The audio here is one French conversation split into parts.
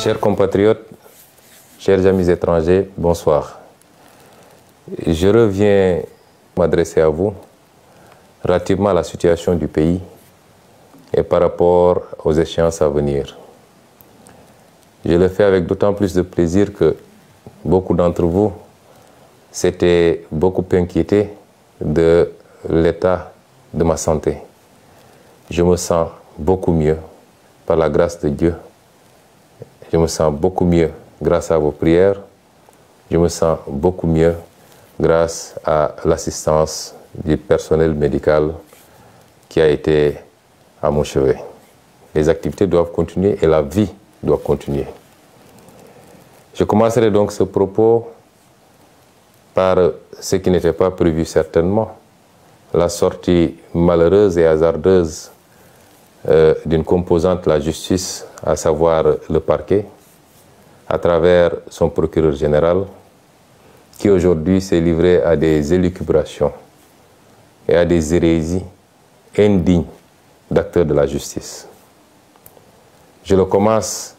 Chers compatriotes, chers amis étrangers, bonsoir. Je reviens m'adresser à vous relativement à la situation du pays et par rapport aux échéances à venir. Je le fais avec d'autant plus de plaisir que beaucoup d'entre vous s'étaient beaucoup inquiétés de l'état de ma santé. Je me sens beaucoup mieux par la grâce de Dieu je me sens beaucoup mieux grâce à vos prières. Je me sens beaucoup mieux grâce à l'assistance du personnel médical qui a été à mon chevet. Les activités doivent continuer et la vie doit continuer. Je commencerai donc ce propos par ce qui n'était pas prévu certainement, la sortie malheureuse et hasardeuse euh, d'une composante la justice, à savoir le parquet, à travers son procureur général, qui aujourd'hui s'est livré à des élucubrations et à des hérésies indignes d'acteurs de la justice. Je le commence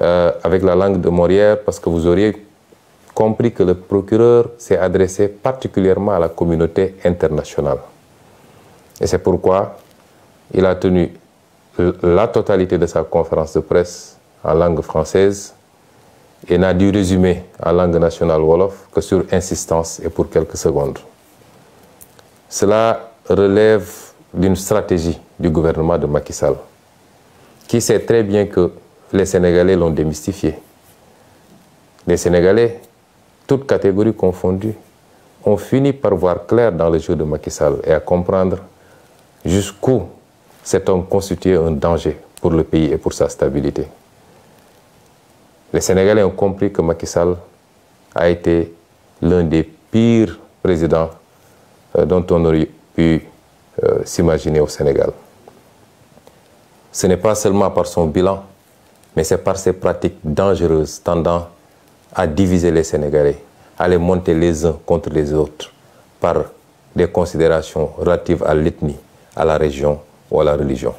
euh, avec la langue de Morière parce que vous auriez compris que le procureur s'est adressé particulièrement à la communauté internationale. Et c'est pourquoi il a tenu euh, la totalité de sa conférence de presse en langue française et n'a dû résumer en langue nationale Wolof que sur insistance et pour quelques secondes. Cela relève d'une stratégie du gouvernement de Macky Sall, qui sait très bien que les Sénégalais l'ont démystifié. Les Sénégalais, toutes catégories confondues, ont fini par voir clair dans le jeu de Macky Sall et à comprendre jusqu'où cet homme constituait un danger pour le pays et pour sa stabilité. Les Sénégalais ont compris que Macky Sall a été l'un des pires présidents euh, dont on aurait pu euh, s'imaginer au Sénégal. Ce n'est pas seulement par son bilan, mais c'est par ses pratiques dangereuses tendant à diviser les Sénégalais, à les monter les uns contre les autres par des considérations relatives à l'ethnie, à la région ou à la religion.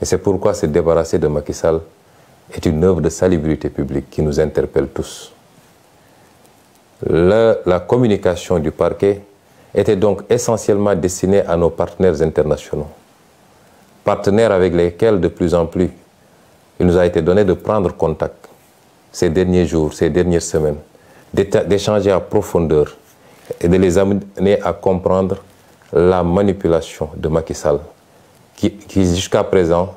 Et c'est pourquoi se débarrasser de Macky Sall est une œuvre de salubrité publique qui nous interpelle tous. la communication du parquet était donc essentiellement destinée à nos partenaires internationaux, partenaires avec lesquels de plus en plus il nous a été donné de prendre contact ces derniers jours, ces dernières semaines, d'échanger à profondeur et de les amener à comprendre la manipulation de Macky Sall qui, jusqu'à présent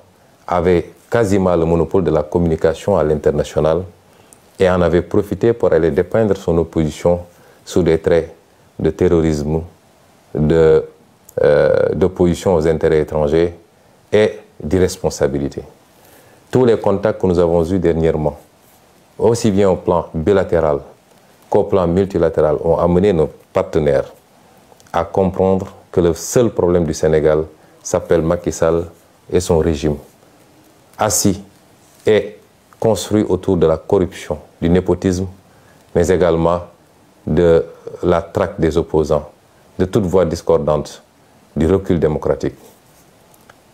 avait quasiment le monopole de la communication à l'international et en avait profité pour aller dépeindre son opposition sous des traits de terrorisme, euh, d'opposition aux intérêts étrangers et d'irresponsabilité. Tous les contacts que nous avons eus dernièrement, aussi bien au plan bilatéral qu'au plan multilatéral, ont amené nos partenaires à comprendre que le seul problème du Sénégal, s'appelle Macky Sall et son régime, assis et construit autour de la corruption, du népotisme, mais également de la traque des opposants, de toute voix discordante, du recul démocratique.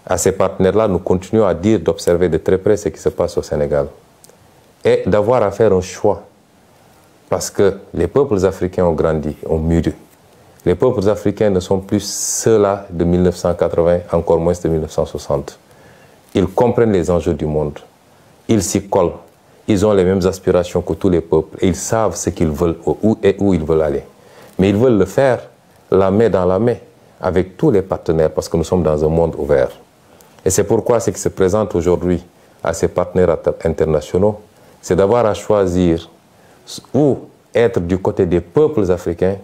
À ces partenaires-là, nous continuons à dire d'observer de très près ce qui se passe au Sénégal et d'avoir à faire un choix parce que les peuples africains ont grandi, ont mûri, les peuples africains ne sont plus ceux-là de 1980, encore moins de 1960. Ils comprennent les enjeux du monde. Ils s'y collent. Ils ont les mêmes aspirations que tous les peuples et ils savent ce qu'ils veulent où et où ils veulent aller. Mais ils veulent le faire la main dans la main avec tous les partenaires parce que nous sommes dans un monde ouvert. Et c'est pourquoi ce qui se présente aujourd'hui à ces partenaires internationaux, c'est d'avoir à choisir où être du côté des peuples africains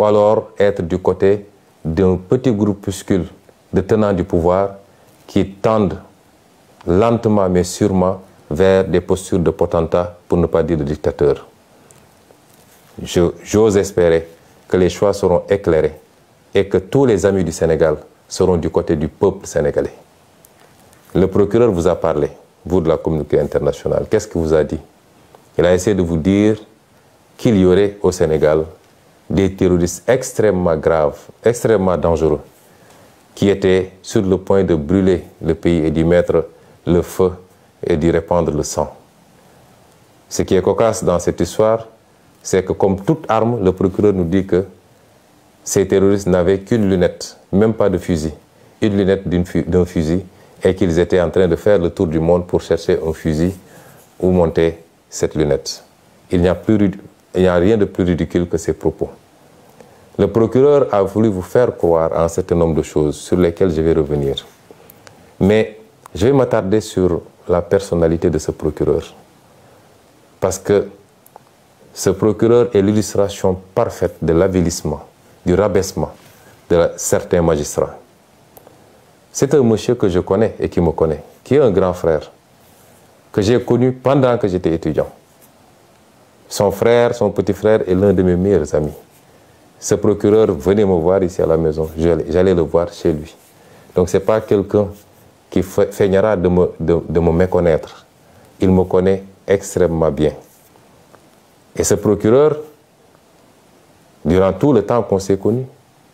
ou alors être du côté d'un petit groupuscule de tenants du pouvoir qui tendent lentement mais sûrement vers des postures de potentat, pour ne pas dire de dictateur. J'ose espérer que les choix seront éclairés et que tous les amis du Sénégal seront du côté du peuple sénégalais. Le procureur vous a parlé, vous de la communauté internationale. Qu'est-ce qu'il vous a dit Il a essayé de vous dire qu'il y aurait au Sénégal des terroristes extrêmement graves, extrêmement dangereux, qui étaient sur le point de brûler le pays et d'y mettre le feu et d'y répandre le sang. Ce qui est cocasse dans cette histoire, c'est que comme toute arme, le procureur nous dit que ces terroristes n'avaient qu'une lunette, même pas de fusil, une lunette d'un fusil, et qu'ils étaient en train de faire le tour du monde pour chercher un fusil ou monter cette lunette. Il n'y a, il n'y a rien de plus ridicule que ces propos. Le procureur a voulu vous faire croire en un certain nombre de choses sur lesquelles je vais revenir. Mais je vais m'attarder sur la personnalité de ce procureur. Parce que ce procureur est l'illustration parfaite de l'avilissement, du rabaissement de certains magistrats. C'est un monsieur que je connais et qui me connaît, qui est un grand frère, que j'ai connu pendant que j'étais étudiant. Son frère, son petit frère est l'un de mes meilleurs amis ce procureur venait me voir ici à la maison. J'allais le voir chez lui. Donc ce n'est pas quelqu'un qui feignera de me, de, me méconnaître. Il me connaît extrêmement bien. Et ce procureur, durant tout le temps qu'on s'est connu,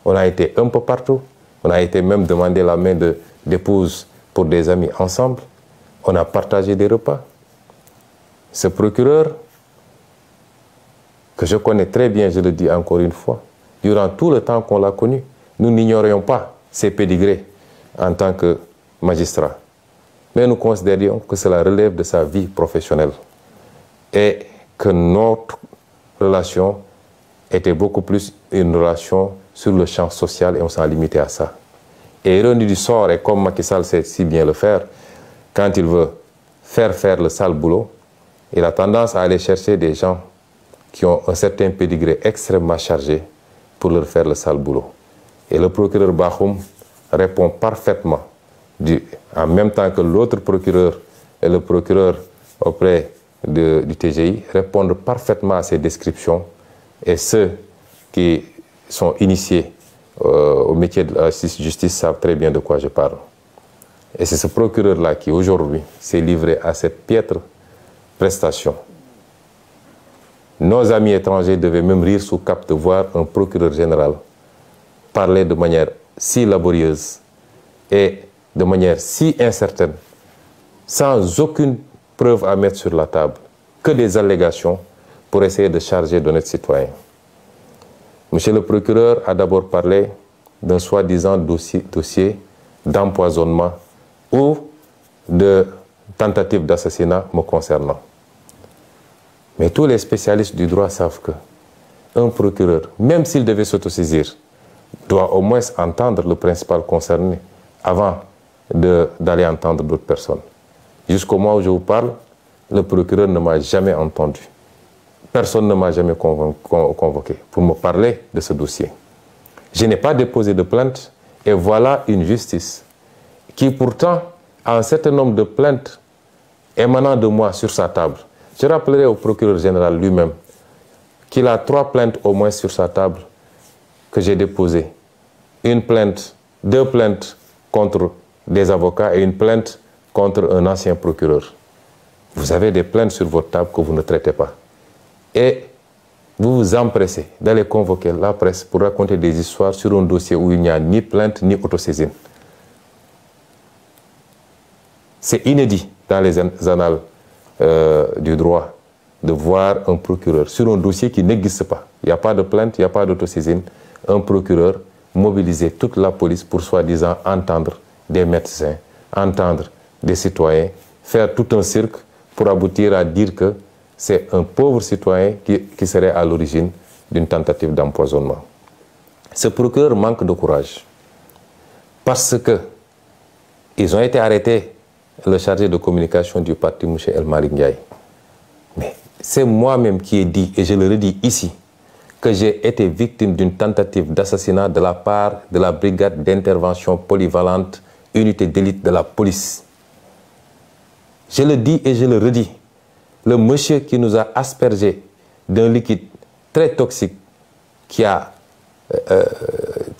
on a été un peu partout. On a été même demandé la main d'épouse pour des amis ensemble. On a partagé des repas. Ce procureur, que je connais très bien, je le dis encore une fois, durant tout le temps qu'on l'a connu. Nous n'ignorions pas ses pédigrés en tant que magistrat. Mais nous considérions que cela relève de sa vie professionnelle et que notre relation était beaucoup plus une relation sur le champ social et on s'en limitait à ça. Et René du sort, et comme Macky Sall sait si bien le faire, quand il veut faire faire le sale boulot, il a tendance à aller chercher des gens qui ont un certain pédigré extrêmement chargé pour leur faire le sale boulot. Et le procureur Bahoum répond parfaitement, du, en même temps que l'autre procureur et le procureur auprès de, du TGI répondent parfaitement à ces descriptions et ceux qui sont initiés euh, au métier de la justice savent très bien de quoi je parle. Et c'est ce procureur-là qui aujourd'hui s'est livré à cette piètre prestation nos amis étrangers devaient même rire sous cap de voir un procureur général parler de manière si laborieuse et de manière si incertaine, sans aucune preuve à mettre sur la table, que des allégations pour essayer de charger de notre citoyen. Monsieur le procureur a d'abord parlé d'un soi-disant dossier, dossier d'empoisonnement ou de tentative d'assassinat me concernant. Mais tous les spécialistes du droit savent que un procureur, même s'il devait s'autosaisir, doit au moins entendre le principal concerné avant d'aller entendre d'autres personnes. Jusqu'au moment où je vous parle, le procureur ne m'a jamais entendu. Personne ne m'a jamais convoqué pour me parler de ce dossier. Je n'ai pas déposé de plainte et voilà une justice qui pourtant a un certain nombre de plaintes émanant de moi sur sa table. Je rappellerai au procureur général lui-même qu'il a trois plaintes au moins sur sa table que j'ai déposées. Une plainte, deux plaintes contre des avocats et une plainte contre un ancien procureur. Vous avez des plaintes sur votre table que vous ne traitez pas. Et vous vous empressez d'aller convoquer la presse pour raconter des histoires sur un dossier où il n'y a ni plainte ni autosaisine. C'est inédit dans les annales euh, du droit de voir un procureur sur un dossier qui n'existe pas. Il n'y a pas de plainte, il n'y a pas d'autosaisine. Un procureur mobiliser toute la police pour soi-disant entendre des médecins, entendre des citoyens, faire tout un cirque pour aboutir à dire que c'est un pauvre citoyen qui, qui serait à l'origine d'une tentative d'empoisonnement. Ce procureur manque de courage parce que ils ont été arrêtés le chargé de communication du parti, M. El Maringay, Mais c'est moi-même qui ai dit, et je le redis ici, que j'ai été victime d'une tentative d'assassinat de la part de la brigade d'intervention polyvalente, unité d'élite de la police. Je le dis et je le redis, le monsieur qui nous a aspergé d'un liquide très toxique qui a euh, euh,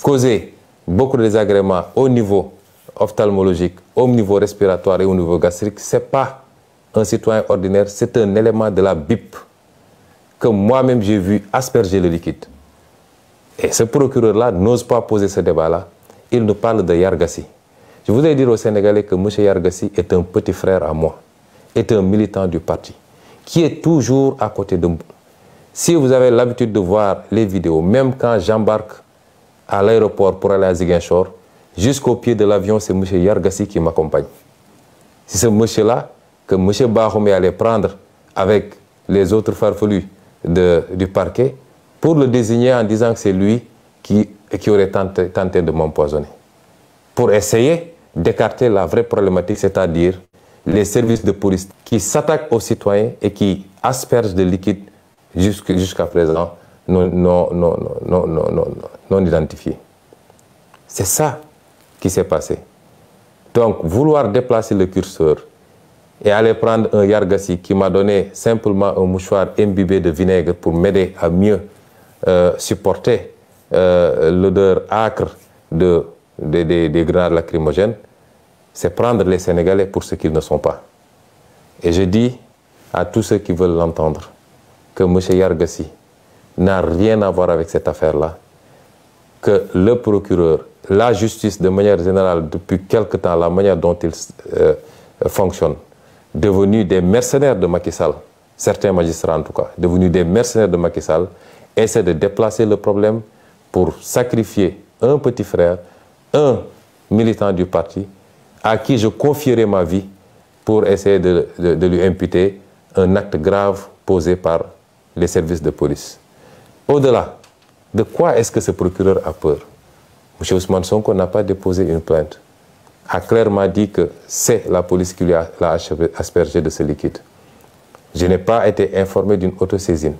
causé beaucoup de désagréments au niveau ophtalmologique, au niveau respiratoire et au niveau gastrique, ce n'est pas un citoyen ordinaire, c'est un élément de la BIP que moi-même j'ai vu asperger le liquide. Et ce procureur-là n'ose pas poser ce débat-là. Il nous parle de Yargassi. Je voudrais dire aux Sénégalais que M. Yargassi est un petit frère à moi, est un militant du parti, qui est toujours à côté de moi. Si vous avez l'habitude de voir les vidéos, même quand j'embarque à l'aéroport pour aller à Ziguinchor, Jusqu'au pied de l'avion, c'est M. Yargassi qui m'accompagne. C'est ce monsieur-là que M. Bahoumé allait prendre avec les autres farfelus du parquet pour le désigner en disant que c'est lui qui, qui aurait tenté, de m'empoisonner. Pour essayer d'écarter la vraie problématique, c'est-à-dire les services de police qui s'attaquent aux citoyens et qui aspergent de liquide jusqu'à présent non, non, non, non, non, non, non, non C'est ça qui s'est passé. Donc, vouloir déplacer le curseur et aller prendre un yargassi qui m'a donné simplement un mouchoir imbibé de vinaigre pour m'aider à mieux euh, supporter euh, l'odeur âcre de, des grenades lacrymogènes, c'est prendre les Sénégalais pour ce qu'ils ne sont pas. Et je dis à tous ceux qui veulent l'entendre que M. Yargassi n'a rien à voir avec cette affaire-là, que le procureur la justice, de manière générale, depuis quelque temps, la manière dont il euh, fonctionne, devenu des mercenaires de Macky Sall, certains magistrats en tout cas, devenus des mercenaires de Macky Sall, essaient de déplacer le problème pour sacrifier un petit frère, un militant du parti, à qui je confierai ma vie pour essayer de lui imputer un acte grave posé par les services de police. Au-delà, de quoi est-ce que ce procureur a peur M. Ousmane Sonko n'a pas déposé une plainte. A clairement dit que c'est la police qui lui a, aspergé de ce liquide. Je n'ai pas été informé d'une autosaisine.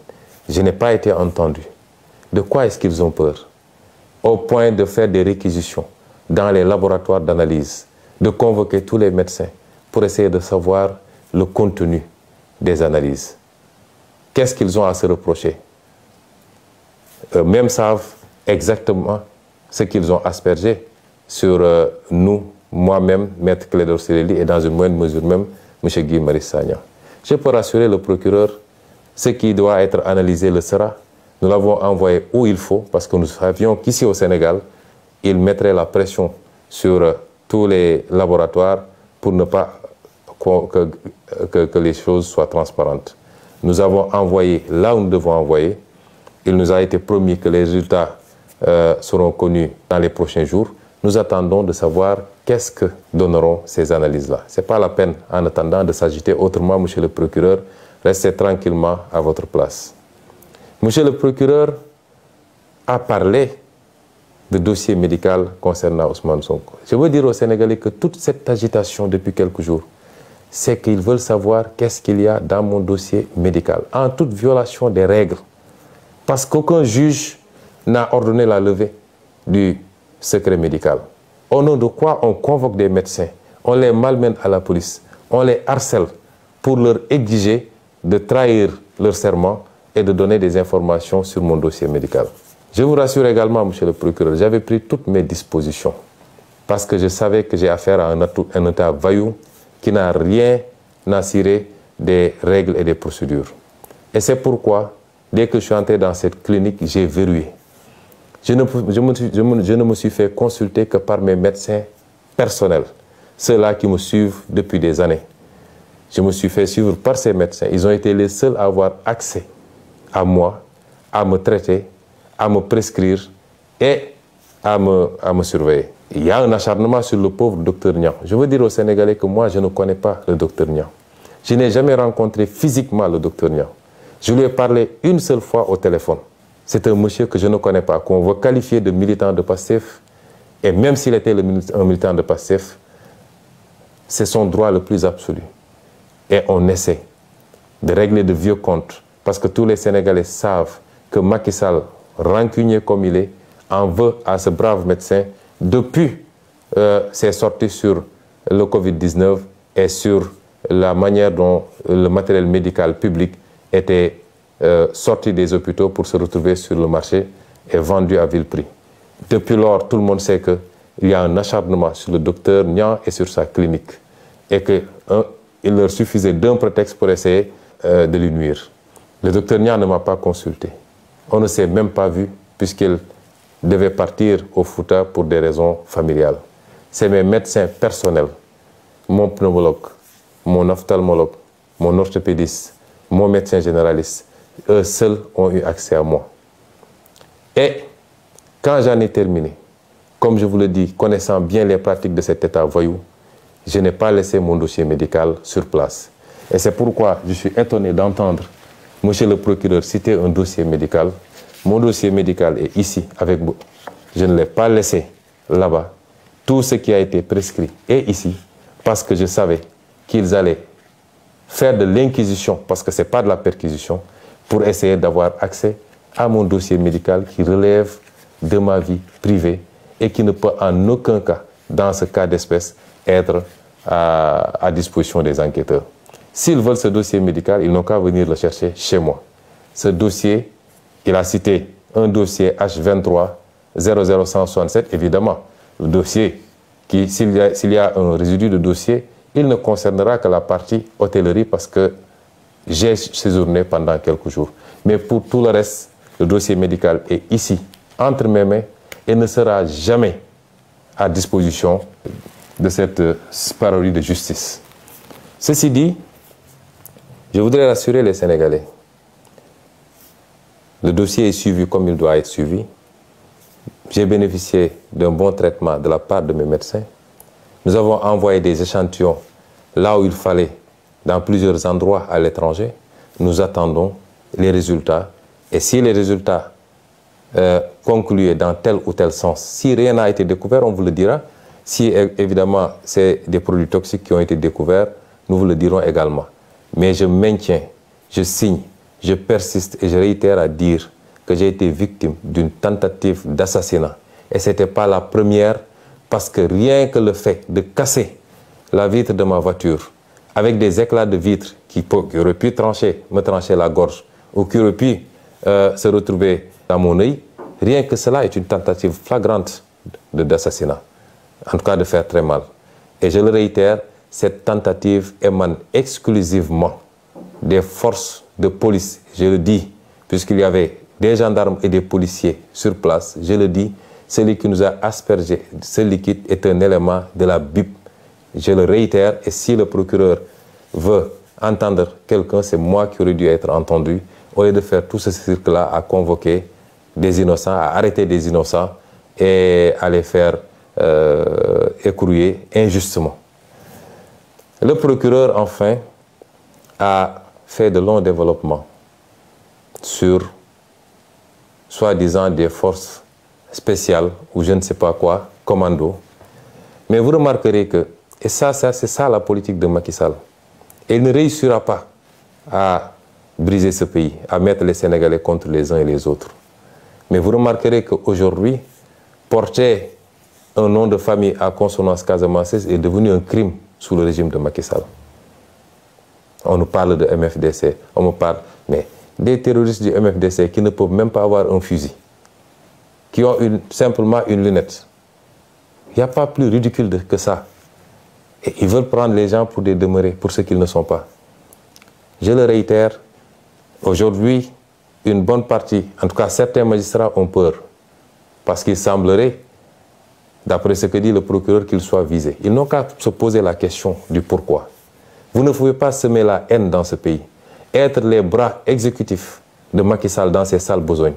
Je n'ai pas été entendu. De quoi est-ce qu'ils ont peur Au point de faire des réquisitions dans les laboratoires d'analyse, de convoquer tous les médecins pour essayer de savoir le contenu des analyses. Qu'est-ce qu'ils ont à se reprocher Eux-mêmes savent exactement ce qu'ils ont aspergé sur euh, nous, moi-même, Maître Clédor Sireli, et dans une moindre mesure même, M. Guy Marissagna. Je peux rassurer le procureur, ce qui doit être analysé le sera. Nous l'avons envoyé où il faut, parce que nous savions qu'ici au Sénégal, il mettrait la pression sur euh, tous les laboratoires pour ne pas que, que, les choses soient transparentes. Nous avons envoyé là où nous devons envoyer. Il nous a été promis que les résultats euh, seront connus dans les prochains jours. Nous attendons de savoir qu'est-ce que donneront ces analyses-là. Ce n'est pas la peine, en attendant, de s'agiter autrement, monsieur le procureur. Restez tranquillement à votre place. Monsieur le procureur a parlé de dossier médical concernant Ousmane Sonko. Je veux dire aux Sénégalais que toute cette agitation depuis quelques jours, c'est qu'ils veulent savoir qu'est-ce qu'il y a dans mon dossier médical, en toute violation des règles. Parce qu'aucun juge n'a ordonné la levée du secret médical. Au nom de quoi on convoque des médecins, on les malmène à la police, on les harcèle pour leur exiger de trahir leur serment et de donner des informations sur mon dossier médical. Je vous rassure également, monsieur le procureur, j'avais pris toutes mes dispositions parce que je savais que j'ai affaire à un, état vaillou qui n'a rien à cirer des règles et des procédures. Et c'est pourquoi, dès que je suis entré dans cette clinique, j'ai verrouillé je ne, me, suis fait consulter que par mes médecins personnels, ceux-là qui me suivent depuis des années. Je me suis fait suivre par ces médecins. Ils ont été les seuls à avoir accès à moi, à me traiter, à me prescrire et à me, à me surveiller. Il y a un acharnement sur le pauvre docteur Nian. Je veux dire aux Sénégalais que moi, je ne connais pas le docteur Nian. Je n'ai jamais rencontré physiquement le docteur Nian. Je lui ai parlé une seule fois au téléphone c'est un monsieur que je ne connais pas, qu'on veut qualifier de militant de passif et même s'il était un militant de passif, c'est son droit le plus absolu. Et on essaie de régler de vieux comptes, parce que tous les Sénégalais savent que Macky Sall, rancunier comme il est, en veut à ce brave médecin depuis euh, ses sorties sur le Covid-19 et sur la manière dont le matériel médical public était euh, sorti des hôpitaux pour se retrouver sur le marché et vendu à vil prix. Depuis lors, tout le monde sait qu'il y a un acharnement sur le docteur Nian et sur sa clinique et qu'il leur suffisait d'un prétexte pour essayer euh, de lui nuire. Le docteur Nian ne m'a pas consulté. On ne s'est même pas vu puisqu'il devait partir au Fouta pour des raisons familiales. C'est mes médecins personnels, mon pneumologue, mon ophtalmologue, mon orthopédiste, mon médecin généraliste, eux seuls ont eu accès à moi. Et quand j'en ai terminé, comme je vous le dis, connaissant bien les pratiques de cet État voyou, je n'ai pas laissé mon dossier médical sur place. Et c'est pourquoi je suis étonné d'entendre Monsieur le procureur citer un dossier médical. Mon dossier médical est ici avec vous. Je ne l'ai pas laissé là-bas. Tout ce qui a été prescrit est ici parce que je savais qu'ils allaient faire de l'inquisition, parce que ce n'est pas de la perquisition, pour essayer d'avoir accès à mon dossier médical qui relève de ma vie privée et qui ne peut en aucun cas, dans ce cas d'espèce, être à, disposition des enquêteurs. S'ils veulent ce dossier médical, ils n'ont qu'à venir le chercher chez moi. Ce dossier, il a cité un dossier H23 00167, évidemment. Le dossier qui, s'il y, a un résidu de dossier, il ne concernera que la partie hôtellerie parce que j'ai séjourné pendant quelques jours. Mais pour tout le reste, le dossier médical est ici, entre mes mains, et ne sera jamais à disposition de cette euh, parodie de justice. Ceci dit, je voudrais rassurer les Sénégalais. Le dossier est suivi comme il doit être suivi. J'ai bénéficié d'un bon traitement de la part de mes médecins. Nous avons envoyé des échantillons là où il fallait dans plusieurs endroits à l'étranger. Nous attendons les résultats. Et si les résultats euh, concluaient dans tel ou tel sens, si rien n'a été découvert, on vous le dira. Si évidemment c'est des produits toxiques qui ont été découverts, nous vous le dirons également. Mais je maintiens, je signe, je persiste et je réitère à dire que j'ai été victime d'une tentative d'assassinat. Et ce n'était pas la première parce que rien que le fait de casser la vitre de ma voiture, avec des éclats de vitre qui, auraient pu trancher, me trancher la gorge ou qui auraient pu euh, se retrouver dans mon œil, rien que cela est une tentative flagrante d'assassinat, en tout cas de faire très mal. Et je le réitère, cette tentative émane exclusivement des forces de police, je le dis, puisqu'il y avait des gendarmes et des policiers sur place, je le dis, celui qui nous a aspergé ce liquide est un élément de la BIP je le réitère et si le procureur veut entendre quelqu'un, c'est moi qui aurais dû être entendu, au lieu de faire tout ce cirque-là à convoquer des innocents, à arrêter des innocents et à les faire euh, écrouiller injustement. Le procureur, enfin, a fait de longs développements sur soi-disant des forces spéciales ou je ne sais pas quoi, commando. Mais vous remarquerez que et ça, ça c'est ça la politique de Macky Sall. Et il ne réussira pas à briser ce pays, à mettre les Sénégalais contre les uns et les autres. Mais vous remarquerez qu'aujourd'hui, porter un nom de famille à consonance casamanceuse est devenu un crime sous le régime de Macky Sall. On nous parle de MFDC, on me parle, mais des terroristes du MFDC qui ne peuvent même pas avoir un fusil, qui ont simplement une lunette. Il n'y a pas plus ridicule que ça ils veulent prendre les gens pour des demeurés, pour ce qu'ils ne sont pas. Je le réitère, aujourd'hui, une bonne partie, en tout cas certains magistrats ont peur, parce qu'il semblerait, d'après ce que dit le procureur, qu'ils soient visés. Ils n'ont qu'à se poser la question du pourquoi. Vous ne pouvez pas semer la haine dans ce pays, être les bras exécutifs de Macky Sall dans ces sales besoins.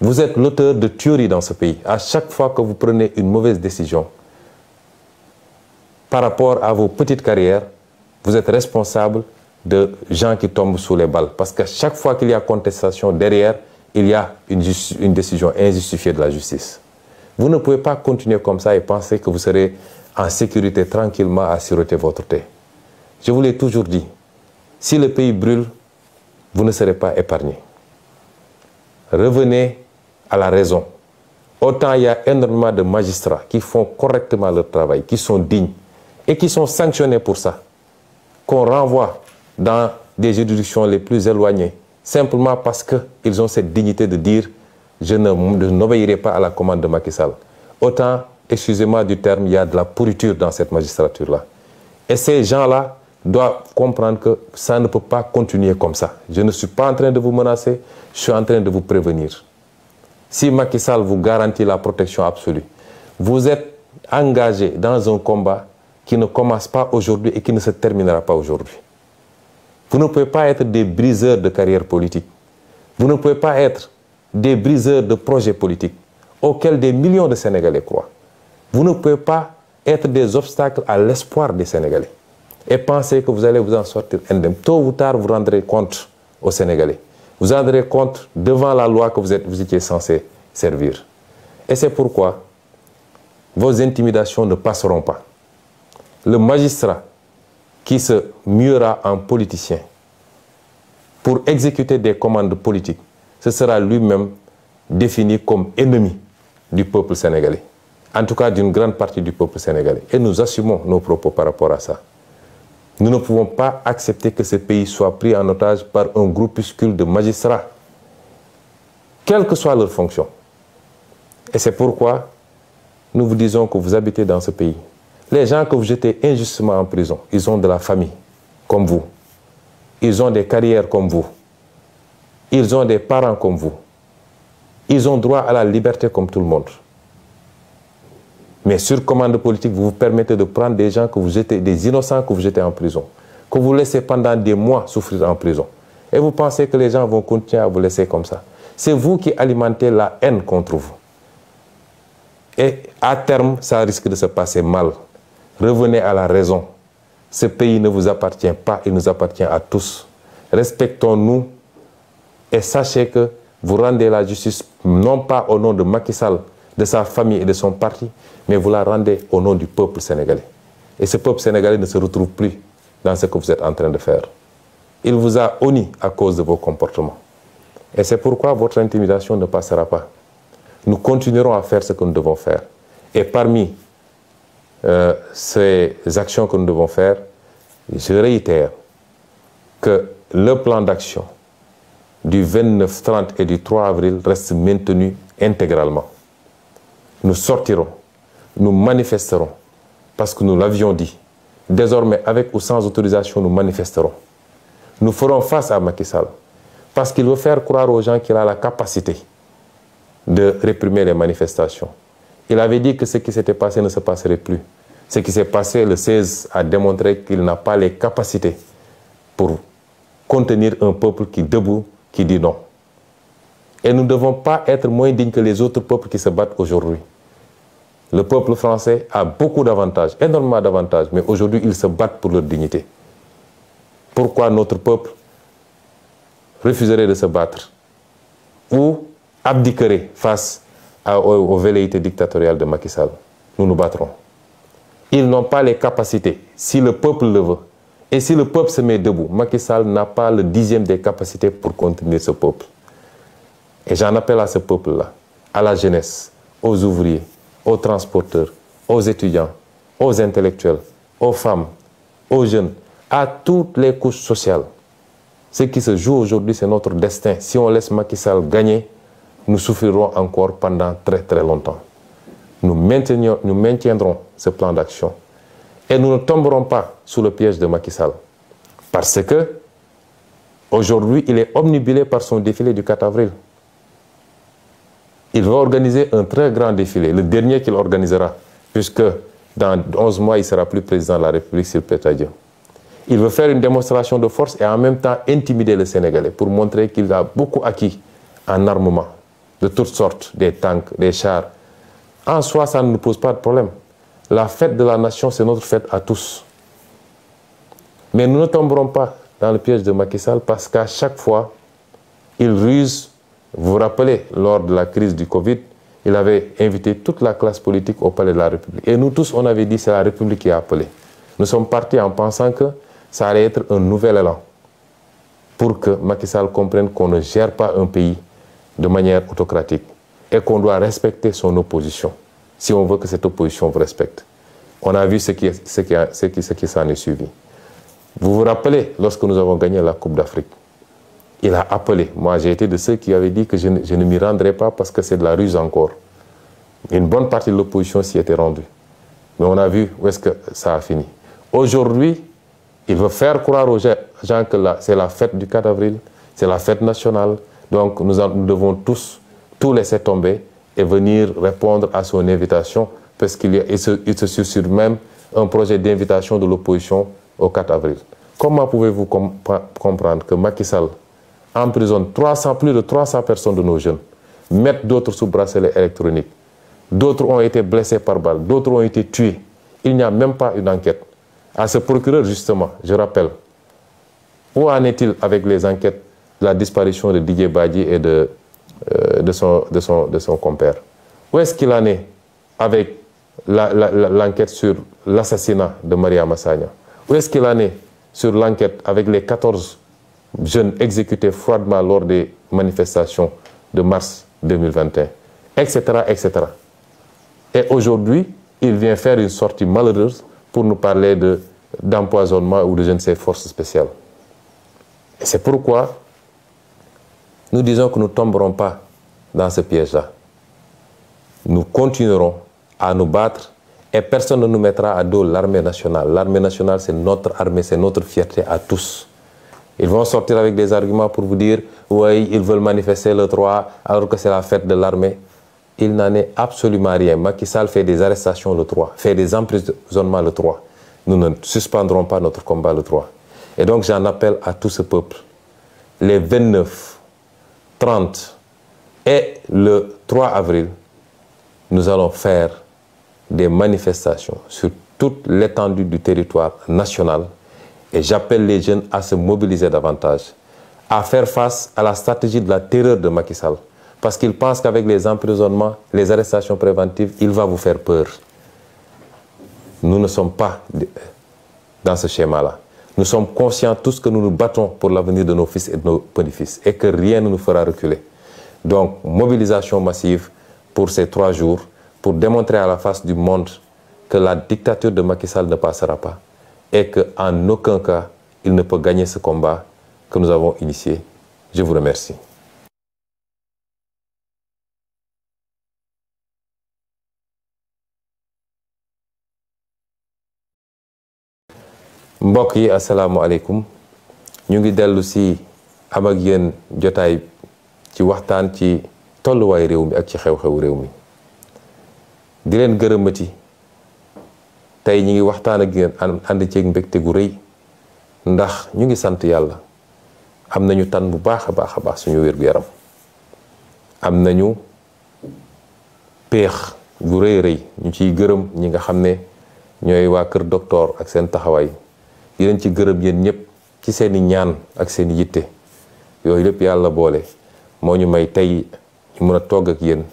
Vous êtes l'auteur de tueries dans ce pays. À chaque fois que vous prenez une mauvaise décision, par rapport à vos petites carrières, vous êtes responsable de gens qui tombent sous les balles. Parce qu'à chaque fois qu'il y a contestation derrière, il y a une, décision injustifiée de la justice. Vous ne pouvez pas continuer comme ça et penser que vous serez en sécurité tranquillement à siroter votre thé. Je vous l'ai toujours dit, si le pays brûle, vous ne serez pas épargné. Revenez à la raison. Autant il y a énormément de magistrats qui font correctement leur travail, qui sont dignes, et qui sont sanctionnés pour ça, qu'on renvoie dans des juridictions les plus éloignées, simplement parce qu'ils ont cette dignité de dire je n'obéirai pas à la commande de Macky Sall. Autant, excusez-moi du terme, il y a de la pourriture dans cette magistrature-là. Et ces gens-là doivent comprendre que ça ne peut pas continuer comme ça. Je ne suis pas en train de vous menacer, je suis en train de vous prévenir. Si Macky Sall vous garantit la protection absolue, vous êtes engagé dans un combat qui ne commence pas aujourd'hui et qui ne se terminera pas aujourd'hui. Vous ne pouvez pas être des briseurs de carrière politique. Vous ne pouvez pas être des briseurs de projets politiques auxquels des millions de Sénégalais croient. Vous ne pouvez pas être des obstacles à l'espoir des Sénégalais et penser que vous allez vous en sortir indemne. Tôt ou tard, vous rendrez compte aux Sénégalais. Vous rendrez compte devant la loi que vous, êtes, vous étiez censé servir. Et c'est pourquoi vos intimidations ne passeront pas le magistrat qui se muera en politicien pour exécuter des commandes politiques, ce sera lui-même défini comme ennemi du peuple sénégalais, en tout cas d'une grande partie du peuple sénégalais. Et nous assumons nos propos par rapport à ça. Nous ne pouvons pas accepter que ce pays soit pris en otage par un groupuscule de magistrats, quelle que soit leur fonction. Et c'est pourquoi nous vous disons que vous habitez dans ce pays, les gens que vous jetez injustement en prison, ils ont de la famille, comme vous. Ils ont des carrières comme vous. Ils ont des parents comme vous. Ils ont droit à la liberté comme tout le monde. Mais sur commande politique, vous vous permettez de prendre des gens que vous jetez, des innocents que vous jetez en prison, que vous laissez pendant des mois souffrir en prison. Et vous pensez que les gens vont continuer à vous laisser comme ça. C'est vous qui alimentez la haine contre vous. Et à terme, ça risque de se passer mal. Revenez à la raison. Ce pays ne vous appartient pas, il nous appartient à tous. Respectons-nous et sachez que vous rendez la justice non pas au nom de Macky Sall, de sa famille et de son parti, mais vous la rendez au nom du peuple sénégalais. Et ce peuple sénégalais ne se retrouve plus dans ce que vous êtes en train de faire. Il vous a honni à cause de vos comportements. Et c'est pourquoi votre intimidation ne passera pas. Nous continuerons à faire ce que nous devons faire. Et parmi euh, ces actions que nous devons faire, je réitère que le plan d'action du 29, 30 et du 3 avril reste maintenu intégralement. Nous sortirons, nous manifesterons, parce que nous l'avions dit. Désormais, avec ou sans autorisation, nous manifesterons. Nous ferons face à Macky Sall, parce qu'il veut faire croire aux gens qu'il a la capacité de réprimer les manifestations. Il avait dit que ce qui s'était passé ne se passerait plus. Ce qui s'est passé le 16 a démontré qu'il n'a pas les capacités pour contenir un peuple qui debout, qui dit non. Et nous ne devons pas être moins dignes que les autres peuples qui se battent aujourd'hui. Le peuple français a beaucoup d'avantages, énormément d'avantages, mais aujourd'hui ils se battent pour leur dignité. Pourquoi notre peuple refuserait de se battre ou abdiquerait face à, aux, aux velléités dictatoriales de Macky Sall. Nous nous battrons. Ils n'ont pas les capacités, si le peuple le veut. Et si le peuple se met debout, Macky Sall n'a pas le dixième des capacités pour contenir ce peuple. Et j'en appelle à ce peuple-là, à la jeunesse, aux ouvriers, aux transporteurs, aux étudiants, aux intellectuels, aux femmes, aux jeunes, à toutes les couches sociales. Ce qui se joue aujourd'hui, c'est notre destin. Si on laisse Macky Sall gagner, nous souffrirons encore pendant très très longtemps. Nous, nous maintiendrons ce plan d'action et nous ne tomberons pas sous le piège de Macky Sall. Parce que aujourd'hui, il est omnibulé par son défilé du 4 avril. Il va organiser un très grand défilé, le dernier qu'il organisera, puisque dans 11 mois, il ne sera plus président de la République peut Pétadieu. Il veut faire une démonstration de force et en même temps intimider le Sénégalais pour montrer qu'il a beaucoup acquis en armement, de toutes sortes, des tanks, des chars. En soi, ça ne nous pose pas de problème. La fête de la nation, c'est notre fête à tous. Mais nous ne tomberons pas dans le piège de Macky Sall parce qu'à chaque fois, il ruse. Vous vous rappelez, lors de la crise du Covid, il avait invité toute la classe politique au palais de la République. Et nous tous, on avait dit c'est la République qui a appelé. Nous sommes partis en pensant que ça allait être un nouvel élan pour que Macky Sall comprenne qu'on ne gère pas un pays de manière autocratique et qu'on doit respecter son opposition si on veut que cette opposition vous respecte. On a vu ce qui, ce qui, ce qui, ce qui s'en est suivi. Vous vous rappelez, lorsque nous avons gagné la Coupe d'Afrique, il a appelé. Moi, j'ai été de ceux qui avaient dit que je ne, je ne m'y rendrai pas parce que c'est de la ruse encore. Une bonne partie de l'opposition s'y était rendue. Mais on a vu où est-ce que ça a fini. Aujourd'hui, il veut faire croire aux gens que c'est la fête du 4 avril, c'est la fête nationale, donc nous, devons tous tout laisser tomber et venir répondre à son invitation parce qu'il se, il même un projet d'invitation de l'opposition au 4 avril. Comment pouvez-vous comprendre que Macky Sall emprisonne 300, plus de 300 personnes de nos jeunes, mettre d'autres sous bracelet électronique, d'autres ont été blessés par balle, d'autres ont été tués. Il n'y a même pas une enquête. À ce procureur, justement, je rappelle, où en est-il avec les enquêtes la disparition de Didier Badi et de, euh, de, son, de, son, de son compère. Où est-ce qu'il en est avec l'enquête sur l'assassinat de Maria Massagna Où est-ce qu'il en est sur l'enquête avec les 14 jeunes exécutés froidement lors des manifestations de mars 2021 Etc. etc. Et aujourd'hui, il vient faire une sortie malheureuse pour nous parler d'empoisonnement ou de je ne sais forces spéciales. C'est pourquoi nous disons que nous ne tomberons pas dans ce piège-là. Nous continuerons à nous battre et personne ne nous mettra à dos l'armée nationale. L'armée nationale, c'est notre armée, c'est notre fierté à tous. Ils vont sortir avec des arguments pour vous dire « Oui, ils veulent manifester le 3 alors que c'est la fête de l'armée. » Il n'en est absolument rien. Macky Sall fait des arrestations le 3, fait des emprisonnements le 3. Nous ne suspendrons pas notre combat le 3. Et donc j'en appelle à tout ce peuple. Les 29 30 et le 3 avril, nous allons faire des manifestations sur toute l'étendue du territoire national et j'appelle les jeunes à se mobiliser davantage, à faire face à la stratégie de la terreur de Macky Sall. Parce qu'ils pensent qu'avec les emprisonnements, les arrestations préventives, il va vous faire peur. Nous ne sommes pas dans ce schéma-là. Nous sommes conscients tous que nous nous battons pour l'avenir de nos fils et de nos petits-fils et que rien ne nous fera reculer. Donc, mobilisation massive pour ces trois jours pour démontrer à la face du monde que la dictature de Macky Sall ne passera pas et qu'en aucun cas, il ne peut gagner ce combat que nous avons initié. Je vous remercie. mbokk yi asalaamualeykum ñu ngi dellu si am ak yéen jotaay ci waxtaan ci tolluwaay réew mi ak ci xew xew réew mi di leen gërëmati tey ñu ngi waxtaan ak yéen ànd ceeg mbégte gu rëy ndax ñu ngi sant yàlla am nañu tan bu baax a baax a baax suñu wér-gu-yaram am na ñu péex gu rëy rëy ñu ciy gërëm ñi nga xam ne ñooy waa kër docteur ak seen taxawaay di leen ci gërëm yéen ñëpp ci seeni ñaan ak seeni yitte yooyu lépp yàlla boole moo ñu may tey ñu mën a togg ak yéen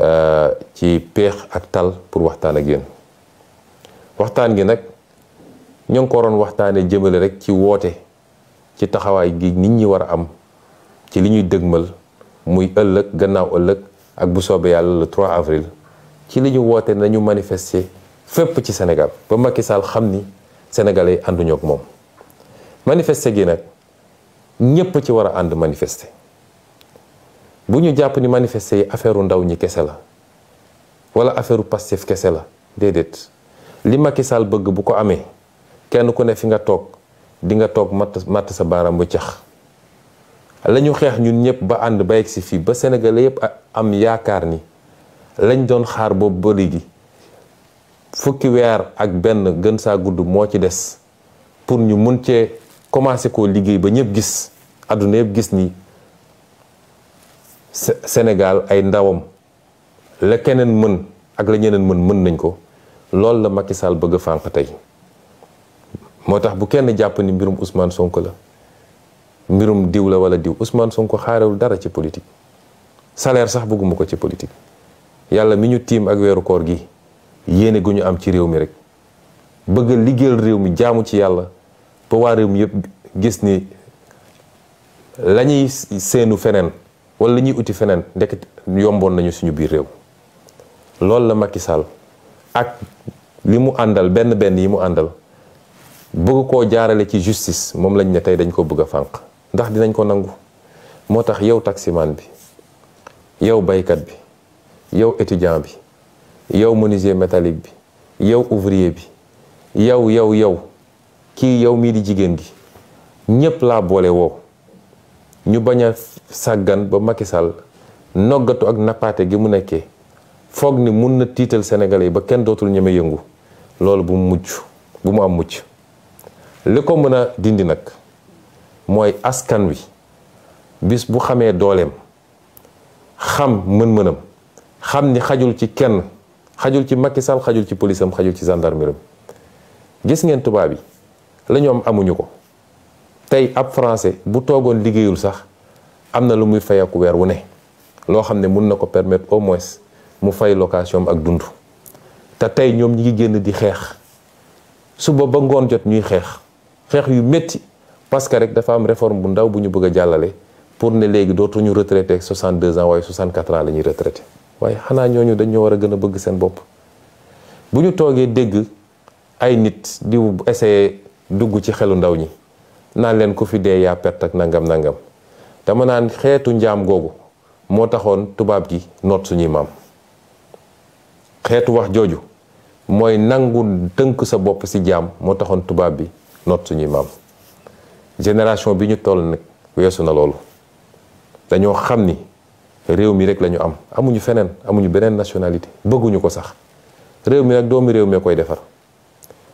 euh, ci peex ak tal pour waxtaan ak yéen waxtaan gi nag ñoo ngi ko waroon waxtaanee jëmale rek ci woote ci taxawaay gi nit ñi war a am ci li ñuy dëgmal muy ëllëg gannaaw ëllëg ak bu soobee yàlla le trois avril ci li ñu woote nañu manifester fépp ci Sénégal ba Macky Sall xam ni. sénégalais yi ànduñoo ak moom manifester gi nag ñépp ci war a ànd manifester bu ñu jàpp ni manifeste yi affaire ndaw ñi kese la wala affaire Pastef kese la déedéet li Macky Sall bëgg bu ko amee kenn ku ne fi nga toog di nga toog matt sa baaraam bu cax la ñu xeex ñun ñëpp ba ànd ba yegg si fii ba sénégalais yëpp am yaakaar ni lañ doon xaar boobu ba léegi fukki weer ak benn gën saa gudd moo ci des pour ñu mun cee commencé koo liggéey ba ñëpp gis àdduna yëpp gis ni senegal ay ndawam la keneen mën ak la ñeneen mën mën nañ ko loolu la Macky Sall bëgg a fànq tey moo tax bu kenn jàpp ni mbirum usmaan Sonko la mbirum diw la wala diw Ousmane Sonko xaarewul dara ci politique salaire sax bëgguma ko ci politique yàlla mi ñu tiim ak weeru koor gi yéene gu ñu am ci réew mi rek bëgg a liggéeyal réew mi jaamu ci yàlla ba waa réew mi yëpp gis ni lañuy seenu feneen wala lañuy ñuy uti feneen ndekk yomboon nañu suñu biir réew loolu la Macky Sall ak li mu àndal benn benn yi mu àndal bëgg koo jaarale ci justice moom lañ ne tey dañ koo bëgg a fànq ndax dinañ ko nangu moo tax yow taximaan bi yow baykat bi yow étudiant bi yow manise métallique bi yow ouvrier bi yow yow yow kii yow mii di jigéen gi ñëpp laa boole woo ñu bañ a sàggan ba Macky Sall noggatu ak nappaate gi mu nekkee foog ni mun na tiital Sénégalais yi ba kenn dootul ñeme yëngu loolu bu mu mucc bu mu am mucc li ko mën a dindi nag mooy askan wi bis bu xamee dooleem xam mën-mënam xam ni xajul ci kenn xajul ci Macky Sall xajul ci police am xajul ci gendarmerie am gis ngeen tubaab yi la ñoom amuñu ko tey ab français bu toogoon liggéeyul sax am na lu muy ku weer wu ne loo xam ne mun na ko permettre au moins mu fay location ak dund te tey ñoom ñi ngi génn di xeex suba ba ngoon jot ñuy xeex xeex yu métti parce que rek dafa am réforme bu ndaw bu ñu bëgg a jàllale pour ne léegi dootuñu retraité 62 ans waaye 64 ans la ñuy retraité waye xana ñoñu dañu wara gëna bëgg seen bop bu ñu dégg ay nit di essayer dugg ci xelu ndaw ñi naan leen ku fi dé ya perte ak nangam nangam dama naan xéetu njaam gogu mo taxone tubab gi note suñu maam xéetu wax jooju moy nangu teunk sa bop si jam mo taxone tubab bi note suñu mam génération biñu toll nak weesu lolu dañu xamni réew mi rek lañu am amuñu feneen amuñu beneen nationalité bëgguñu ko sax réew mi nag doomu réew mi koy defar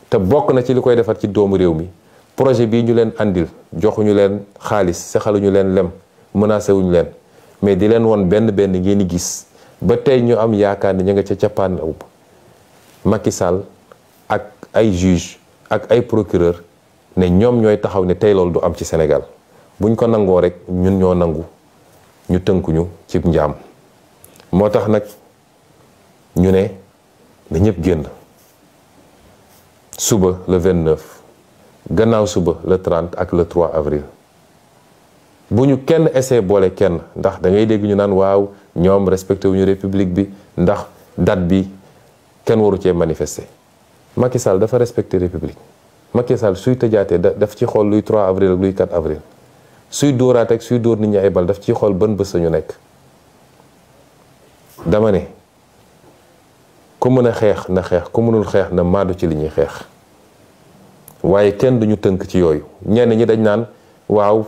te bokk na ci li koy defar ci doomu réew mi projet bii ñu leen andil joxuñu leen xaalis sexaluñu leen lem menacé wuñu leen mais di leen woon benn benn ngeen di gis ba tey ñu am yaakaar ni ñu nga ca cappaan awub Macky Sall ak ay juge ak ay procureur ne ñoom ñooy taxaw ne tey loolu du am ci Sénégal buñ ko nangoo rek ñun ñoo nangu Nous tënkuñu ci njaam ñu ne na suba le 29 gannaaw le 30 et le 3 avril Si ñu kenn essayé Nous kenn ndax da ngay dégg ñu nous avons respecté la république Nous ndax date bi kenn waru ci manifester république ci 3 avril luy 4 avril. suy dóoraat ak suy dóor nit ñi ay bal daf ciy xool ban bés sañu nekk dama ne ku mën a xeex na xeex ku mënul xeex na maadu ci li ñuy xeex waaye kenn duñu tënk ci yooyu ñenn ñi dañ naan waaw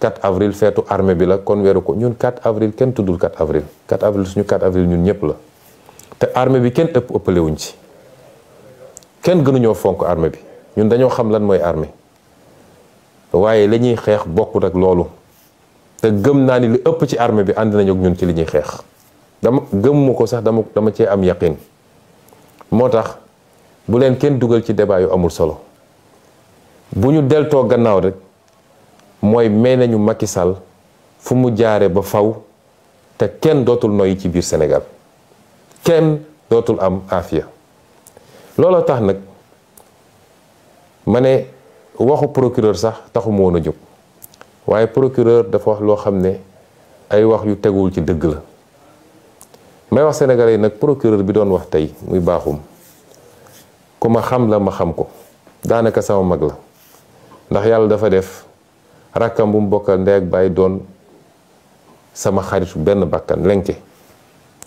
4 avril feetu armée bi la kon weeru ko ñun 4 avril kenn tuddul 4 avril 4 avril suñu 4 avril ñun ñëpp la te armée bi kenn ëpp ëppalewuñ ci kenn gënuñoo fonk armée bi ñun dañoo xam lan mooy armée waaye li ñuy xeex bokkut rek loolu te gëm naa ni lu ëpp ci armée bi ànd nañu ak ñun ci li ñuy xeex dama gëmmu ko sax dama dama cee am yaqin moo tax bu leen kenn dugal ci débat yu amul solo bu ñu deltoo gannaaw rek mooy may nañu Macky Sall fu mu jaare ba faw te kenn dootul noyyi ci biir senegal kenn dootul am aafiya looloo tax nag ma ne waxu procureur sax taxu woon a jóg waaye procureur dafa wax loo xam ne ay wax yu teguwul ci dëgg la may wax sénégalais yi nag procureur bi doon wax tey muy baaxum ku xam la ma xam ko daanaka sama mag la ndax yàlla dafa def rakkam bu mu bokkal ndey ak bàyyi doon sama xaritu benn bakkan lenke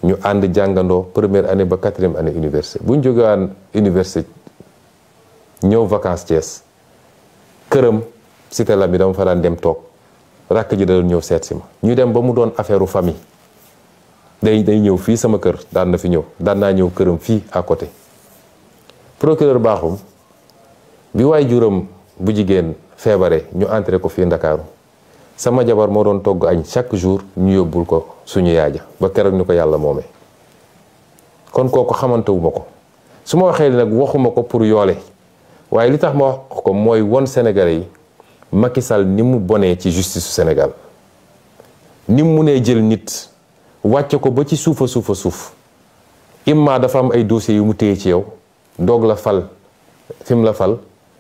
ñu ànd jàngandoo première année ba quatrième année université bu ñu jógewaan université ñëw vacances Thiès këram si la bi dama fa daan dem toog rakk ji da doon ñëw seet si ma ñu dem ba mu doon affaire famille day day ñëw fii sama kër daan na fi ñëw daan naa ñëw këram fii à côté procureur baaxum bi waaye juram bu jigéen feebaree ñu entré ko fii Ndakaaru sama jabar moo doon togg añ chaque jour ñu yóbbul ko suñu yaaja ba keroog ñu ko yàlla moomee kon kooku xamantewuma ko su ma waxee nag waxuma ko pour yoole waaye li tax ma wax ko mooy won Sénégalais yi Macky Sall ni mu bonee ci justice senegal Sénégal ni mu munee jël nit wàcce ko ba ci suufa suufa suuf imma dafa am ay dossiers yu mu téye ci yow doog la fal fi mu la fal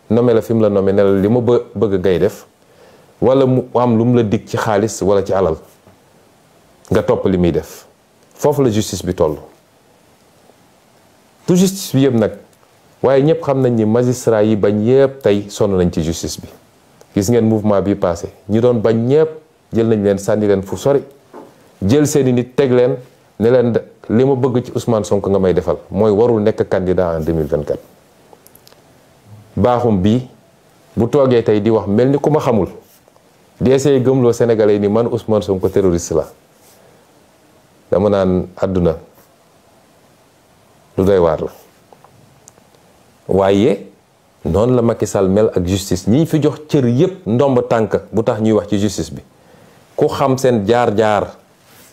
nome la fi mu la nome ne la li ma bë bëgg ngay def walla mu am lu mu la dig ci xaalis wala ci alal nga topp li muy def foofu la justice bi toll tout justice bi yëpp nag waye ñëpp xam nañ ni magistrat yi bañ yépp tay sonu nañ ci justice bi gis ngeen mouvement bi passé ñi doon bañ ñëpp jël nañ leen sànni leen fu sori jël seen nit tegg leen ne leen limu bëgg ci Ousmane Sonko nga may defal moy warul neka candidat en 2024 baaxum bi bu toogee tay di wax melni kuma xamul di essayer lo Sénégalais ni man Ousmane Sonko terroriste la dama nan aduna lu doy war la waye non la Macky Sall mel ak justice ñi fi jox cër yépp ndomb tank bu tax ñuy wax ci justice bi ku xam sen jaar-jaar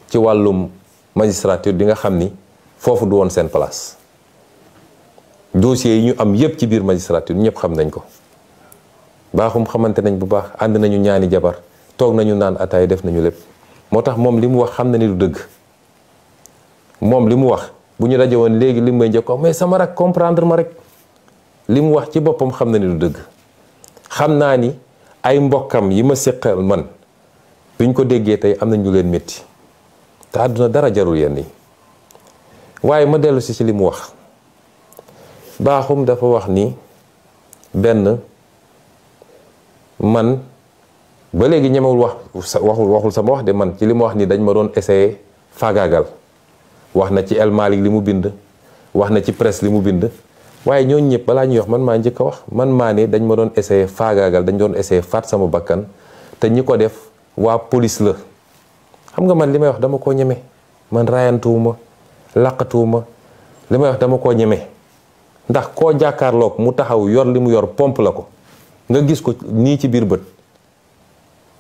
ci walum magistrature di nga xam ni fofu du won sen place dossier yi ñu am yépp ci biir magistrature ñepp xam nañ ko baaxum xamanté nañ bu baax and nañu ñaani jabar tok nañu naan atay def nañu lepp motax mom limu wax xam na ni du deug mom limu wax buñu dajewon mais sama rak comprendre ma rek li wax ci bopam xamna ni du deug xamna ni ay mbokam yima sekkal man buñ ko déggee tay am ñu leen metti ta aduna dara jarul yenn waye ma delu ci ci wax baaxum dafa wax ni ben man ba léegi ñamul wax waxul waxul sama wax de man ci li wax ni dañ ma doon essayer fagagal waxna ci El malik limu bind waxna ci presse limu bind waye ñoo ñëpp bala ñu wax man ma njëkk wax man ma dan dañ ma doon essayer fagaagal dañ doon essayer fat sama bakkan te ñiko def wa police le xam nga man limay wax dama ko ñëmé man rayantuma laqatuma limay wax dama ko ñëmé ndax ko jakarlok mu taxaw yor limu yor pompe lako nga gis ko ni ci bir beut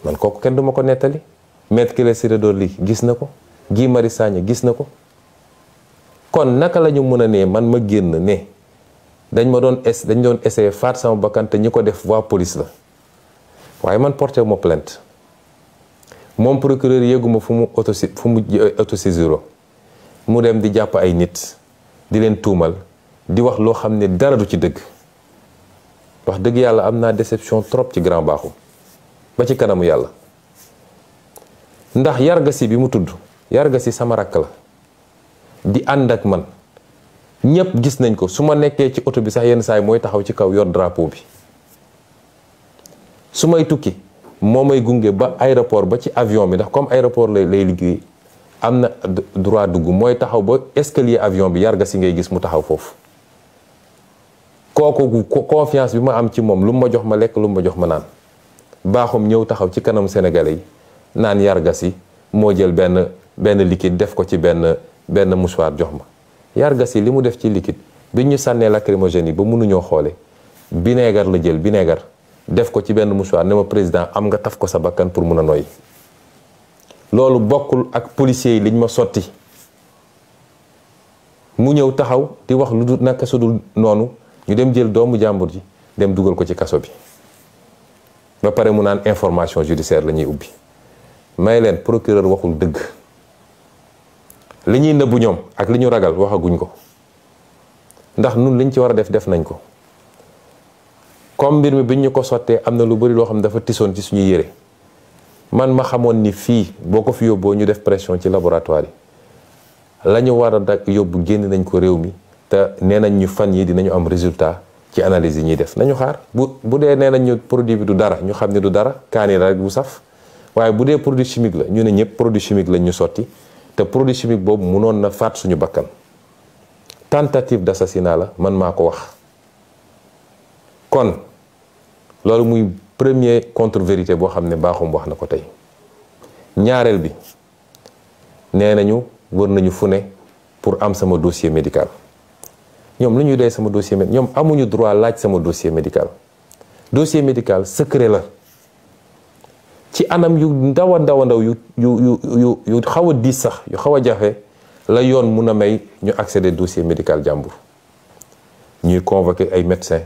man kok kenn duma ko met Maître sire do li gis nako, gi Guy gis nako. kon naka lañu mëna né man ma génn né dañ ma doon es dañ doon essayé faat sama bakkan te ñi ko def waa police la waaye man porté wu plainte moom procureur yéeguma fu mu auto fu mu euh, autosaisiro mu dem di jàpp ay nit di leen tuumal di wax loo xam ne dara du ci dëgg wax dëgg yàlla am naa déception trop ci grand baaxu ba ci kanamu yàlla ndax yarga si bi mu tudd yarga si sama rakk la di ànd ak man ñëpp gis nañ ko su ma nekkee ci oto bi sax yenn saay mooy taxaw ci kaw yor drapeau bi su may tukki moo may gunge ba aéroport ba ci avion bi ndax comme aéroport lay lay liggéey am na droit dugg mooy taxaw ba escalier avion bi yarga si ngay gis mu taxaw foofu kooku confiance bi ma am ci moom lu ma jox ma lekk lu ma jox ma naan baaxum ñëw taxaw ci kanamu sénégalais yi naan yargasi moo jël benn benn liquide def ko ci benn benn mouchoir jox ma yargas yi li mu def ci liquide bi ñu sànnee lacrymogène yi ba mënuñoo xoole bineegar la jël bineegar def ko ci benn mouchoir ne ma président am nga taf ko sa bakkan pour mun a noyyi loolu bokkul ak policiers yi liñ ma sotti mu ñëw taxaw di wax lu du naka su dul noonu ñu dem jël doomu jàmbur ji dem dugal ko ci kaso bi ba pare mu naan information judiciaire la ñuy ubbi may leen procureur waxul dëgg li ñuy nëbbu ñoom ak li ñu ragal waxaguñ ko ndax nun liñ ci war a def def nañ ko comme mbir mi biñ ñu ko sottee am na lu bëri loo xam ne dafa tisoon ci suñuy yére man ma xamoon ni fii boo ko fi yóbboo ñu def pression ci laboratoire yi la ñu war a dak yóbbu génn nañ ko réew mi te nee nañ ñu fan yi dinañu am résultat ci analyse yi ñuy def nañu xaar bu bu dee nee nañ ñu produit bi du dara ñu xam ne du dara kaani la rek bu saf waaye bu dee produit chimique la ñu ne ñëpp produit chimique lañ ñu sotti te produit chimique boobu munoon na faat suñu bakkan tentative d'assassinat la man maa ko wax kon loolu muy premier contre vérité boo xam ne baaxum wax na ko tey ñaareel bi nee nañu wër nañu fu ne pour am sama dossier médical ñoom lu ñuy dee sama dossier ñoom amuñu droit laaj sama dossier médical dossier médical secret la ci anam yu ndaw a ndaw a ndaw yu yu yu yu xaw a diis sax yu xaw a jafe la yoon mun a may ñu accéder dossier médical jàmbur ñuy convoqué ay médecin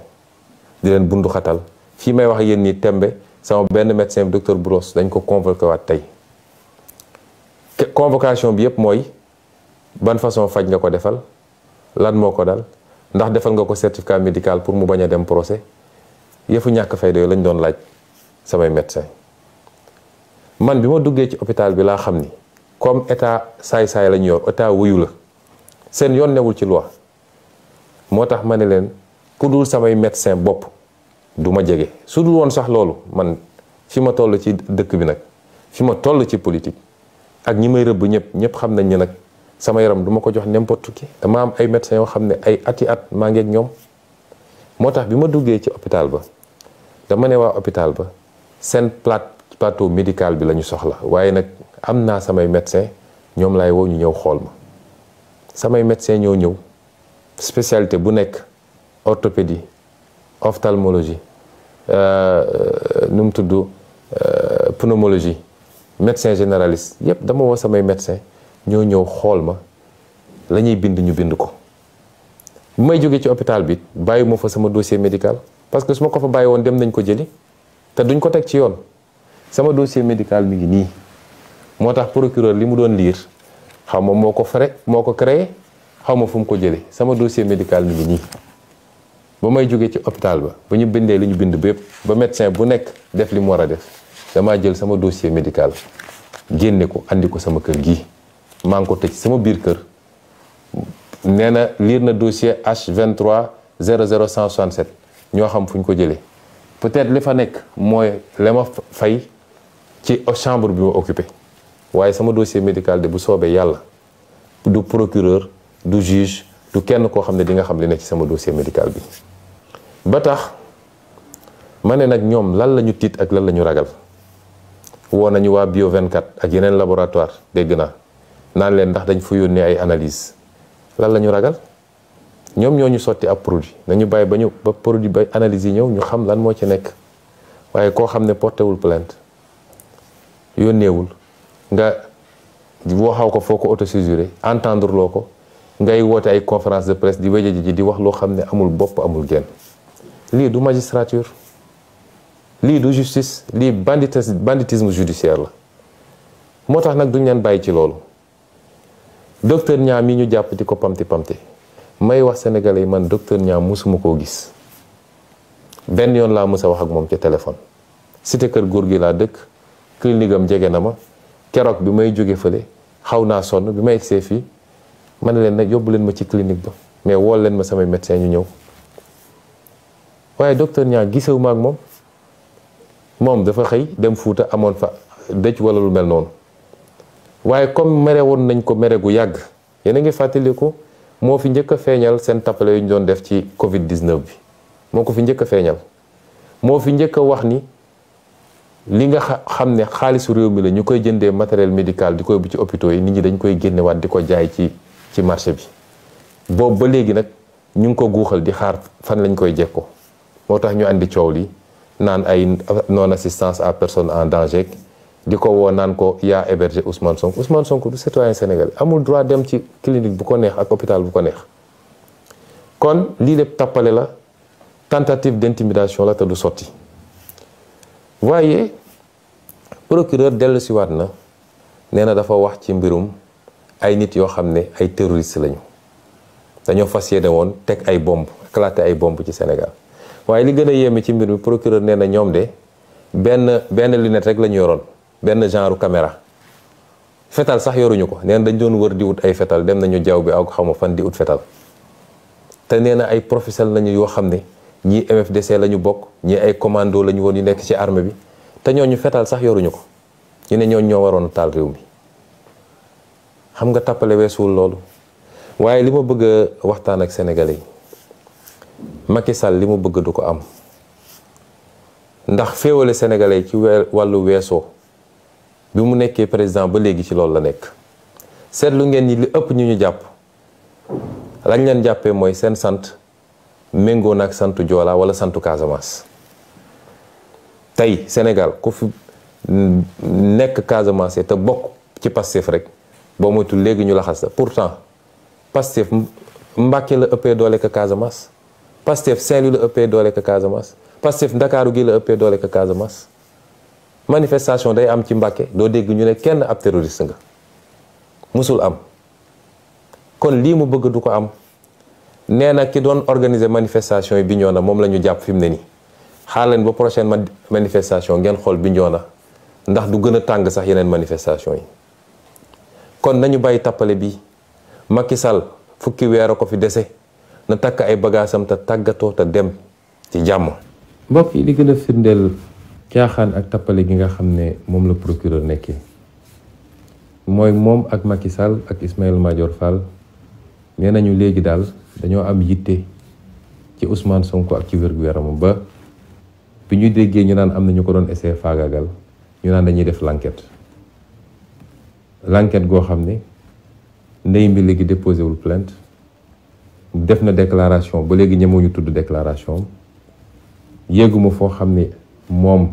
di leen bundu xatal fii may wax yéen ni tembe sama benn médecin bi docteur Bros dañ ko convoqué waat tey convocation bi yëpp mooy ban façon faj nga ko defal lan moo ko dal ndax defal nga ko certificat médical pour mu bañ a dem procès yëfu ñàkk fayda lañ doon laaj samay médecin man bima duggé ci hôpital bi la xamni comme état say say la ñor état wuyu la sen yon newul ci loi motax tax ma ne leen samay médecin bop duma ma jege su dul won sax lolu man fi ma toll ci dëkk bi nak fi ma toll ci politique ak ñi may rëbb ñep xam nañ sama yaram duma ko jox n'importe qui dama am ay médecin yo xamné ay ati at ma ngi ak ñoom moo tax bi ci hôpital ba dama né wa hôpital ba sen plate plateau médical bi la ñu soxla waaye nag am naa samay médecin ñoom laay woo ñu ñëw xool ma samay médecin ñoo ñëw spécialité bu nekk orthopédie ophtalmologie euh, euh, nu mu tudd euh, pneumologie médecin généraliste yépp dama woo samay médecin ñoo ñëw xool ma la ñuy bind ñu bind ko bu may jógee ci hôpital bi bàyyi ma fa sama dossier médical parce que su ma ko fa bàyyi woon dem nañ ko jëli te duñ ko teg ci yoon sama dossier médical mi ngi nii moo tax procureur li mu doon liir xaw ma moo ko frais moo ko créer xaw ma fu mu ko jëlee sama dossier médical mi ngi nii ba may jógee ci hôpital ba ba ñu bindee li ñu bind bépp ba médecin bu nekk def li mu war a def damaa jël sama dossier médical génne ko andi ko sama kër gi maa ngi ko tëj sama biir kër nee na liir na dossier H23 00167 ñoo xam fu ñu ko jëlee peut-être li fa nekk mooy la ma fay. ci chambre bi ma occupé waaye sama dossier médical de bu soobee yàlla du procureur du juge du kenn koo xam ne di nga xam li nekk ci sama dossier médical bi ba tax ma ne nag ñoom lan la ñu tiit ak lan la ñu ragal woo nañu waa bio 24 ak yeneen laboratoire dégg naa naan leen ndax dañ fa yónnee ay analyse lan la ñu ragal ñoom ñoo ñu sotti ab produit nañu bàyyi ba ñu ba produit ba analyse yi ñëw ñu xam lan moo ci nekk waaye koo xam ne porté wul plainte yónneewul nga xaw ko foko ko autosusuré entendre loko ko ngay wote ay conférence de presse di wéjëji ji di wax lo xamné amul bop amul genn li du magistrature li du justice li banditis banditisme judiciaire la motax nak duñ len bay ci lolu docteur mi ñu japp di ko pamti pamti may wax sénégalais man docteur Niang musuma ko gis ben yon la musa wax ak mom ci téléphone cité kër gorgui la clinique am jege na ma keroog bi may jóge fële xaw naa sonn bi may egsee fii ma ne leen nag yóbbu leen ma ci clinique ba mais wool leen ma samay médecin yu ñëw waaye docteur Niang gisewu ma moom moom dafa xëy dem Fuuta amoon fa dëj wala lu mel noonu waaye comme mere woon nañ ko mere gu yàgg yéen a ngi fàttaliku moo fi njëkk a feeñal seen tappale yu ñu doon def ci Covid 19 bi moo ko fi njëkk a feeñal moo fi njëkk a wax ni. li nga xam ne xaalisu réew mi la ñu koy jëndee matériel médical di koy bu ci hôpitaux yi nit ñi dañ koy génnewaat di ko jaay ci ci marché bi boobu ba léegi nag ñu ngi ko guuxal di xaar fan lañ koy jekko moo tax ñu andi coow li naan ay non assistance à personne en danger di ko woo naan ko yaa hébergé Ousmane sonk Ousmane Sonko du citoyen sénégalais amul droit dem ci clinique bu ko neex ak hôpital bu ko neex kon lii lépp tappale la tentative d'intimidation la te du waaye procureur dellu siwaat na nee na dafa wax ci mbirum ay nit yoo xam ne ay terroriste lañu dañoo fas yéene woon teg ay bomb kalaate ay bomb ci senegal waaye li gën a yéeme ci mbir mi procureur nee na ñoom de benn benn lunette rek lañu yoroon benn genre caméra fetal sax yoruñu ko nee dañ doon wër di wut ay fetal dem nañu jaw bi ak xaw fan di ut fetal te nee na ay professionnels lañu yoo xam ne ñii MFDC la ñu bokk ñii ay commando la ñu woon yu nekk ci armée bi te ñooñu fetal sax yoruñu ko ñu ne ñooñ ñoo waroon taal réew mi xam nga tappale weesuwul loolu waaye li ma bëgg waxtaan ak sénégalais yi Macky Sall li ma bëgg du ko am ndax féewale sénégalais yi ci wàllu weesoo bi mu nekkee président ba léegi ci loolu la nekk seetlu ngeen ni li ëpp ñu ñu jàpp lañ leen jàppee mooy seen sant méngoo ak santu Joola wala santu Casamance tey Sénégal ku fi nekk Casamance te bokk ci Pastef rek boo moytul léegi ñu laxas la pourtant Pastef Mbàkke la ëppee doole ka Casamance Pastef Saint-Louis la ëppee doole ka Casamance Pastef Ndakaaru gi la ëppee doole ka Casamance manifestation day am ci Mbàkke doo dégg ñu ne kenn ab terroriste nga musul am kon lii mu bëgg du ko am nee ki doon organiser manifestation bi ñona mom lañu japp jàpp ni mu ne ba prochaine manifestation ngeen bi ñona ndax du gëna tang sax yenen manifestation yi kon nañu bàyyi tapalé bi Macky Sall fukki wéro ko fi déssé na tak ay ta tagato ta dem ci jamm mbokk yi di gëna a tiaxan ak tapalé gi nga xamné mom le procureur nekké moy mom ak Macky Sall ak Ismaël Madior Fall nenañu légui dal dañoo am yitte ci Ousmane Sonko ak ci wér-gu-yaramam ba bi ñu déggee ñu naan am na ñu ko doon essayé faagagal ñu naan dañuy def l'enquête l'enquête goo xam ne ndey mbi léegi déposé wul plainte def na déclaration ba léegi ñemewuñu tudd déclaration yéeguma foo xam ne moom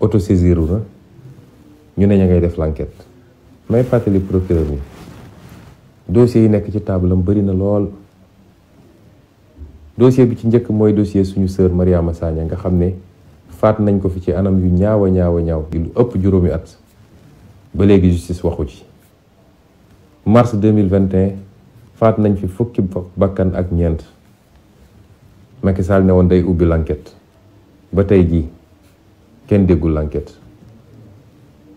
autosaisiru na ñu ne ña ngay def l'enquête may fàttali procureur bi dossier yu nekk ci table am bari na lool dossier bi ci njëkk mooy dossier suñu sœur Mariama Sagna nga xam ne faat nañ ko fi ci anam yu ñaawa ñaawa ñaaw lu ëpp juróomi at ba léegi justice waxu ci mars 2021 faat nañ fi fukki bakkan ak ñeent Macky ne woon day ubbi lanket ba tey jii kenn déggul l'enquête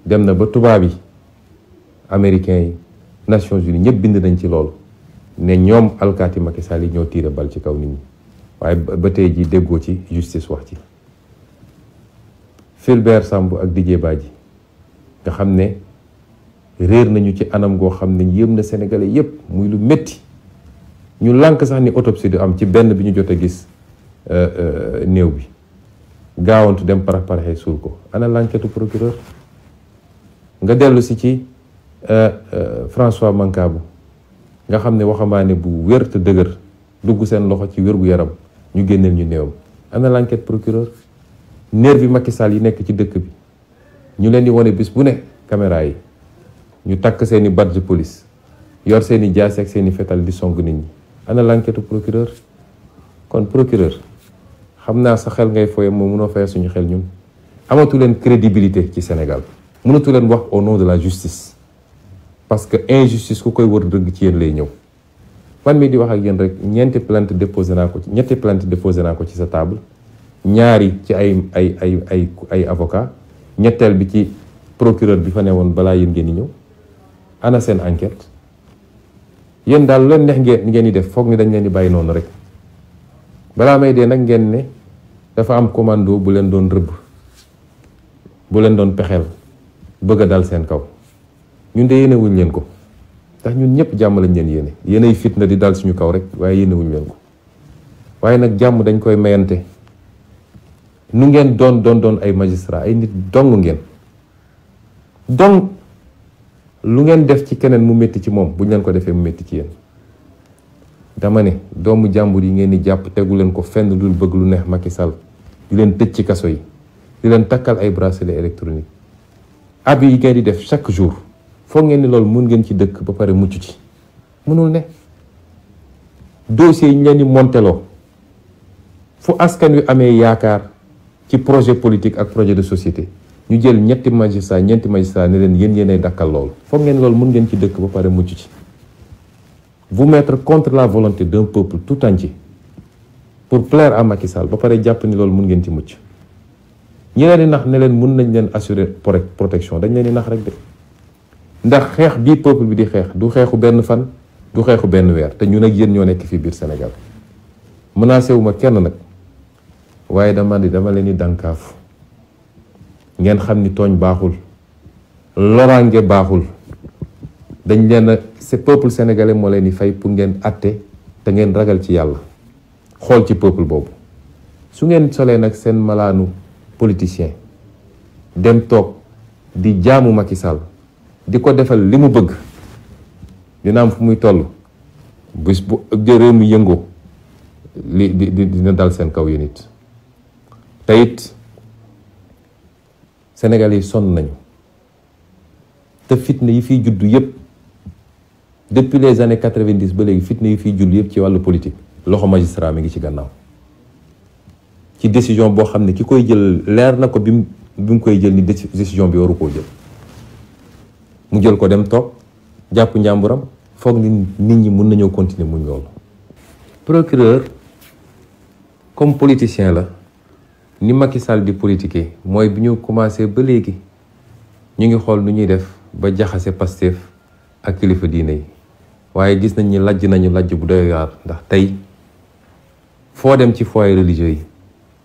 dem na ba tubaab yi américains yi Nations Unies ñëpp bind nañ ci loolu ne ñoom alkaati Macky Sall yi ñoo tiire bal ci kaw nit ñi waaye ba tey ji déggoo ci justice wax ci filbert Sambou ak Didier Badji nga xam ne réer nañu ci anam goo xam ne yëm na sénégalais yépp muy lu métti ñu lànk sax ni autopsie du am ci benn bi ñu jot a gis euh, euh, bi gaawantu dem parax paraxee ko ana l'enquête procureur nga dellu si ci euh, François Mancabou nga xam ne bu wér te dëgër dugg seen loxo ci wér yaram ñu gënël ñu néewam ana l'enquête procureur nervi Macky Sall yi nekk ci dëkk bi ñu leen di wone bis bu ne caméra yi ñu takk seeni badge police yor seeni jaas ak seeni fetal di song nit ñi ana l'enquête procureur kon procureur xam naa sa xel ngay foye moom mënoo fay suñu xel ñun amatu leen crédibilité ci Sénégal mënatu leen wax au nom de la justice parce que injustice ku koy wër dëgg ci yéen lay ñëw fan mi di wax ak yéen rek ñeenti plainte déposé naa ko ci ñetti plainte déposé naa ko ci sa table ñaari ci ay ay ay ay ay avocat ñetteel bi ci procureur bi fa ne woon balaa yéen ngeen di ñëw ana seen enquête yéen daal leen neex ngeen ngeen di def foog ni dañ leen di bàyyi noonu rek balaa may dee nag ngeen ne dafa am commando bu leen doon rëbb bu leen doon pexeel bëgg a daal seen kaw ñun de yéenewuñ leen ko ndax ñun ñëpp jàmm lañ leen yéene yéenay fitna di dal suñu kaw rek waaye yéene wuñ leen ko waaye nag jàmm dañ koy mayante nu ngeen don, doon doon ay magistrat ay nit dong ngeen dong lu ngeen def ci keneen mu metti ci moom buñ leen ko defee mu metti ci yéen dama ne doomu jàmbur yi ngeen ni jàpp tegu leen ko fenn dul bëgg lu neex Macky Sall di leen tëj ci kaso yi di leen takkal ay bracelet électronique abi yi ngeen di def chaque jour foog ngeen ni loolu mun ngeen ci dëkk ba pare mucc ci mënul ne dossier yi ni leen monteloo fu askan wi amee yaakaar ci projet politique ak projet de société ñu jël ñetti magistrat ñetti magistrat ne leen yéen yéenay dakkal loolu foog ngeen loolu mun ngeen ci dëkk ba pare mucc ci vous mettre contre la volonté d'un peuple tout entier pour plaire à Macky Sall ba pare japp ni loolu mun ngeen ci mucc ñi leen nax ne leen mun nañ leen assurer protection dañ leen di nax rek de ndax xeex bi peuple bi di xeex du xeexu benn fan du xeexu benn weer te ñun ak yéen ñoo nekk fi biir Sénégal menacé wu ma kenn nag waaye dama di dama leen di dànkaaf ngeen xam ni tooñ baaxul loraange baaxul dañ leen a ce peuple sénégalais moo leen di fay pour ngeen atte te ngeen ragal ci yàlla xool ci peuple boobu su ngeen solee nag seen malaanu politicien dem toog di jaamu Macky di ko defal li mu bëgg dina am fu muy toll bis bu jëree mu yëngoo li di dina dal seen kaw yéen it te it senegal yi sonn nañu te fitna yi fiy juddu yëpp depuis les années quatre-vingt-dix ba léegi fitna yi fiy juddu yëpp ci wàllu politique loxo magistrat mi ngi ci gannaaw ci décision boo xam ne ki koy jël leer na ko bi mu bi koy jël ni décision bi waru koo jël. mu jël ko dem toog jàpp njàmburam foog nit ñi mun nañoo continuer muñ loolu procureur comme politicien la ni Macky Sall di politiquer mooy bi ñu commencé ba léegi ñu ngi xool nu ñuy def ba jaxase Pastef ak kilifa diine yi waaye gis nañ ni lajj nañu lajj bu doy waar ndax tey foo dem ci foyer religieux yi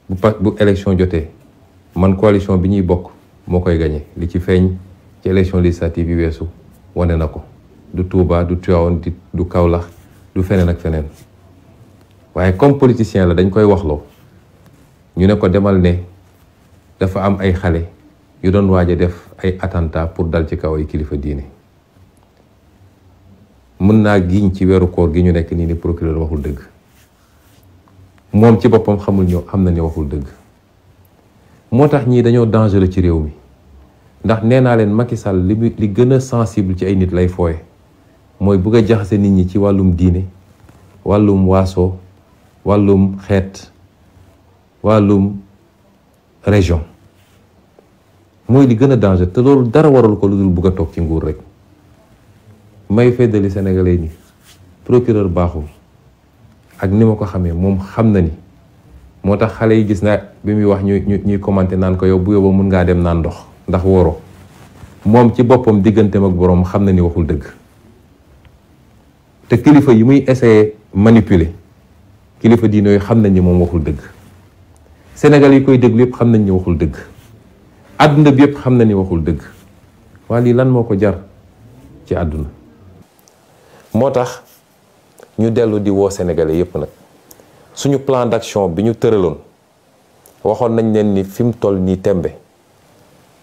bu pa bu élection jotee man coalition bi ñuy bokk moo koy gañe li ci feeñ ci élection législative yi weesu wane na ko du Touba du Tivaouane du kaw la du feneen ak feneen waaye comme politicien la dañ koy waxloo ñu ne ko demal ne dafa am ay xale yu doon waaj a def ay attentat pour dal ci kaw ay kilifa diine mën naa giñ ci weeru koor gi ñu nekk nii ni procureur waxul dëgg moom ci boppam xamul ñoo am na ne waxul dëgg moo tax ñii dañoo dangereux ci réew mi ndax nee len Macky Sall li li gëna sensible ci ay nit lay foy moy bëgg a jaxase nit ñi ci walum diiné walum waso walum xet walum région moy li gëna danger té lolu dara warul ko lu dul bëgg a ci nguur rek may fédéli sénégalais ni procureur baaxul ak nima ko xamé mom xamna ni motax xalé yi gis na bi wax ñuy ñuy commenter nan ko yow bu yow mun nga dem nan ndox ndax woro moom ci boppam diggante ak boroom xam na ni waxul dëgg te kilifa yi muy essayer manipule kilifa diine yooyu xam nañ ni moom waxul dëgg Sénégal yi koy déglu yëpp xam nañ ni waxul dëgg àdduna bi yëpp xam na ni waxul dëgg waa lii lan moo ko jar ci àdduna moo tax ñu dellu di woo sénégalais yëpp nag suñu plan d'action bi ñu tëraloon waxoon nañ leen ni fi mu toll nii tembe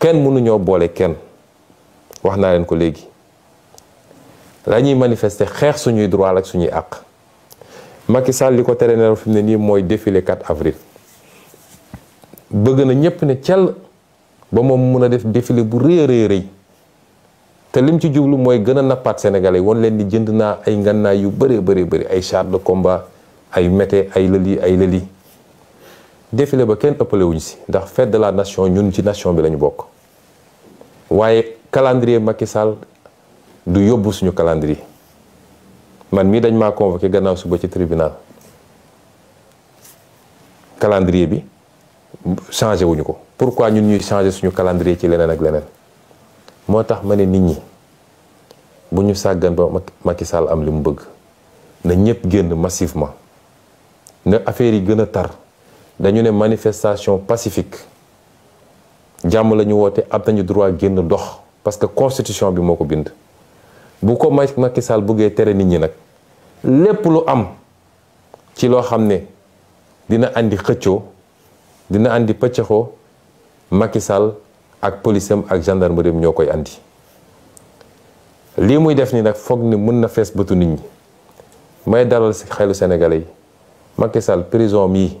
kenn mënuñoo boole kenn wax naa leen ko léegi la ñuy manifester xeex suñuy droit ak suñuy àq Macky Sall li ko tere ne fi ne nii mooy défilé 4 avril bëgg na ñëpp ne cell ba moom mun a def défilé bu rëy rëy rëy te lim ci jublu mooy gën a nappaat Sénégalais won leen di jënd naa ay ngannaay yu bëree bëri bëri ay chars de combat ay mété ay lëli ay lëli défilé ba kenn ëppale wuñ si ndax fête de la nation ñun ci nation bi lañu bokk waaye calendrier Macky Sall du yóbbu suñu calendrier man mii dañ maa convoqué gannaaw suba ci tribunal calendrier bi changé wuñu ko pourquoi ñun ñuy changé suñu calendrier ci leneen ak leneen moo tax ma ne nit ñi bu ñu sàggan ba Macky Sall am li mu bëgg na ñëpp génn massivement na affaire yi gën a tar dañu ne manifestation pacifique jàmm lañu woote am nañu droit génn dox parce que constitution bi moo ko bind bu ko Macky Sall bëggee tere nit ñi nag lépp lu am ci loo xam ne dina indi xëccoo dina indi pëccëxoo Macky ak polisem ak gendarmerie ñoo koy indi lii muy def nii nag foog ni mën na fees bëtu nit ñi may dalal si xelu sénégalais yi Macky prison yi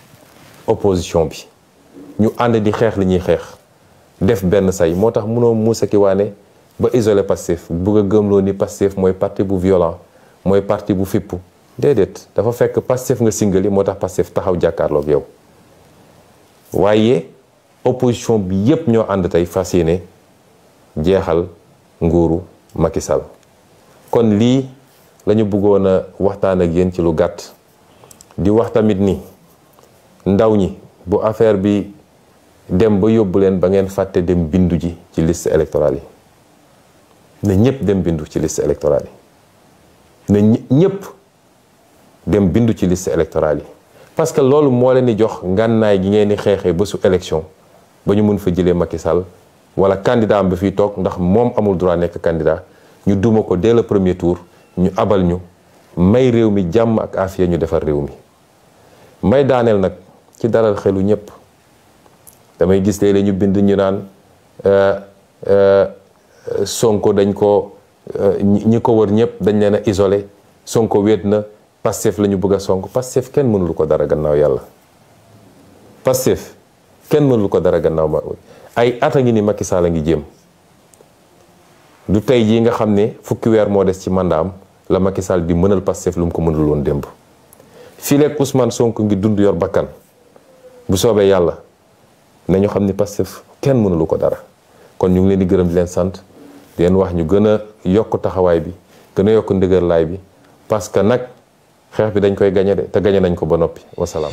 opposition bi ñu and di Nous li ñi def ben say motax nous Moussa Kiwane ba isolé Pastef bëgg a ni Pastef nous parti bu violent moy parti bu fippu nous dafa fekk Pastef nga singali pas Pastef taxaw yow wayé opposition bi yépp ño avons tay jéxal Macky Sall kon li lañu bëggona waxtaan ak di wax tamit ndaw ñi bu affaire bi dem ba yóbbu len ba ngeen fatte dem bindu ji ci liste électorale yi na ñepp dem bindu ci liste électorale yi na ñepp dem bindu ci liste électorale yi parce que lolu mo leen di jox ngannaay gi ngeen di xexé ba su élection ba ñu mun fa jëlé Macky Sall wala candidat am fi tok mom ndax mom amul droit nek candidat ñu duma ko dès le premier tour ñu abal ñu may réew mi jàmm ak afia ñu defar réew mi may daanel nak ci dalal xelu ñëpp damay gis léeg-léeg bind ñu naan euh, euh, Sonko dañ ko euh, ñi ko wër ñëpp dañ leen a isolé Sonko wéet na Pastef la ñu bëgg a Sonko Pastef kenn mënul ko dara gannaaw yàlla Pastef kenn mënul ko dara gannaaw ma ay at a ngi ni Macky a ngi jéem du tey jii nga xam ne fukki weer moo des ci mandaam la Macky Sall di mënal Pastef lu mu ko mënul woon démb fii leeg Ousmane Sonko ngi dund yor bakkan bu soobee yàlla nañu xam ni Pastef kenn mënulu ko dara kon ñu ngi leen di gërëm di leen sant di wax ñu gën a yokk taxawaay bi gën a yokk ndëgërlaay bi parce que nag xeex bi dañ koy gañe de te gañe nañ ko ba noppi wasalaam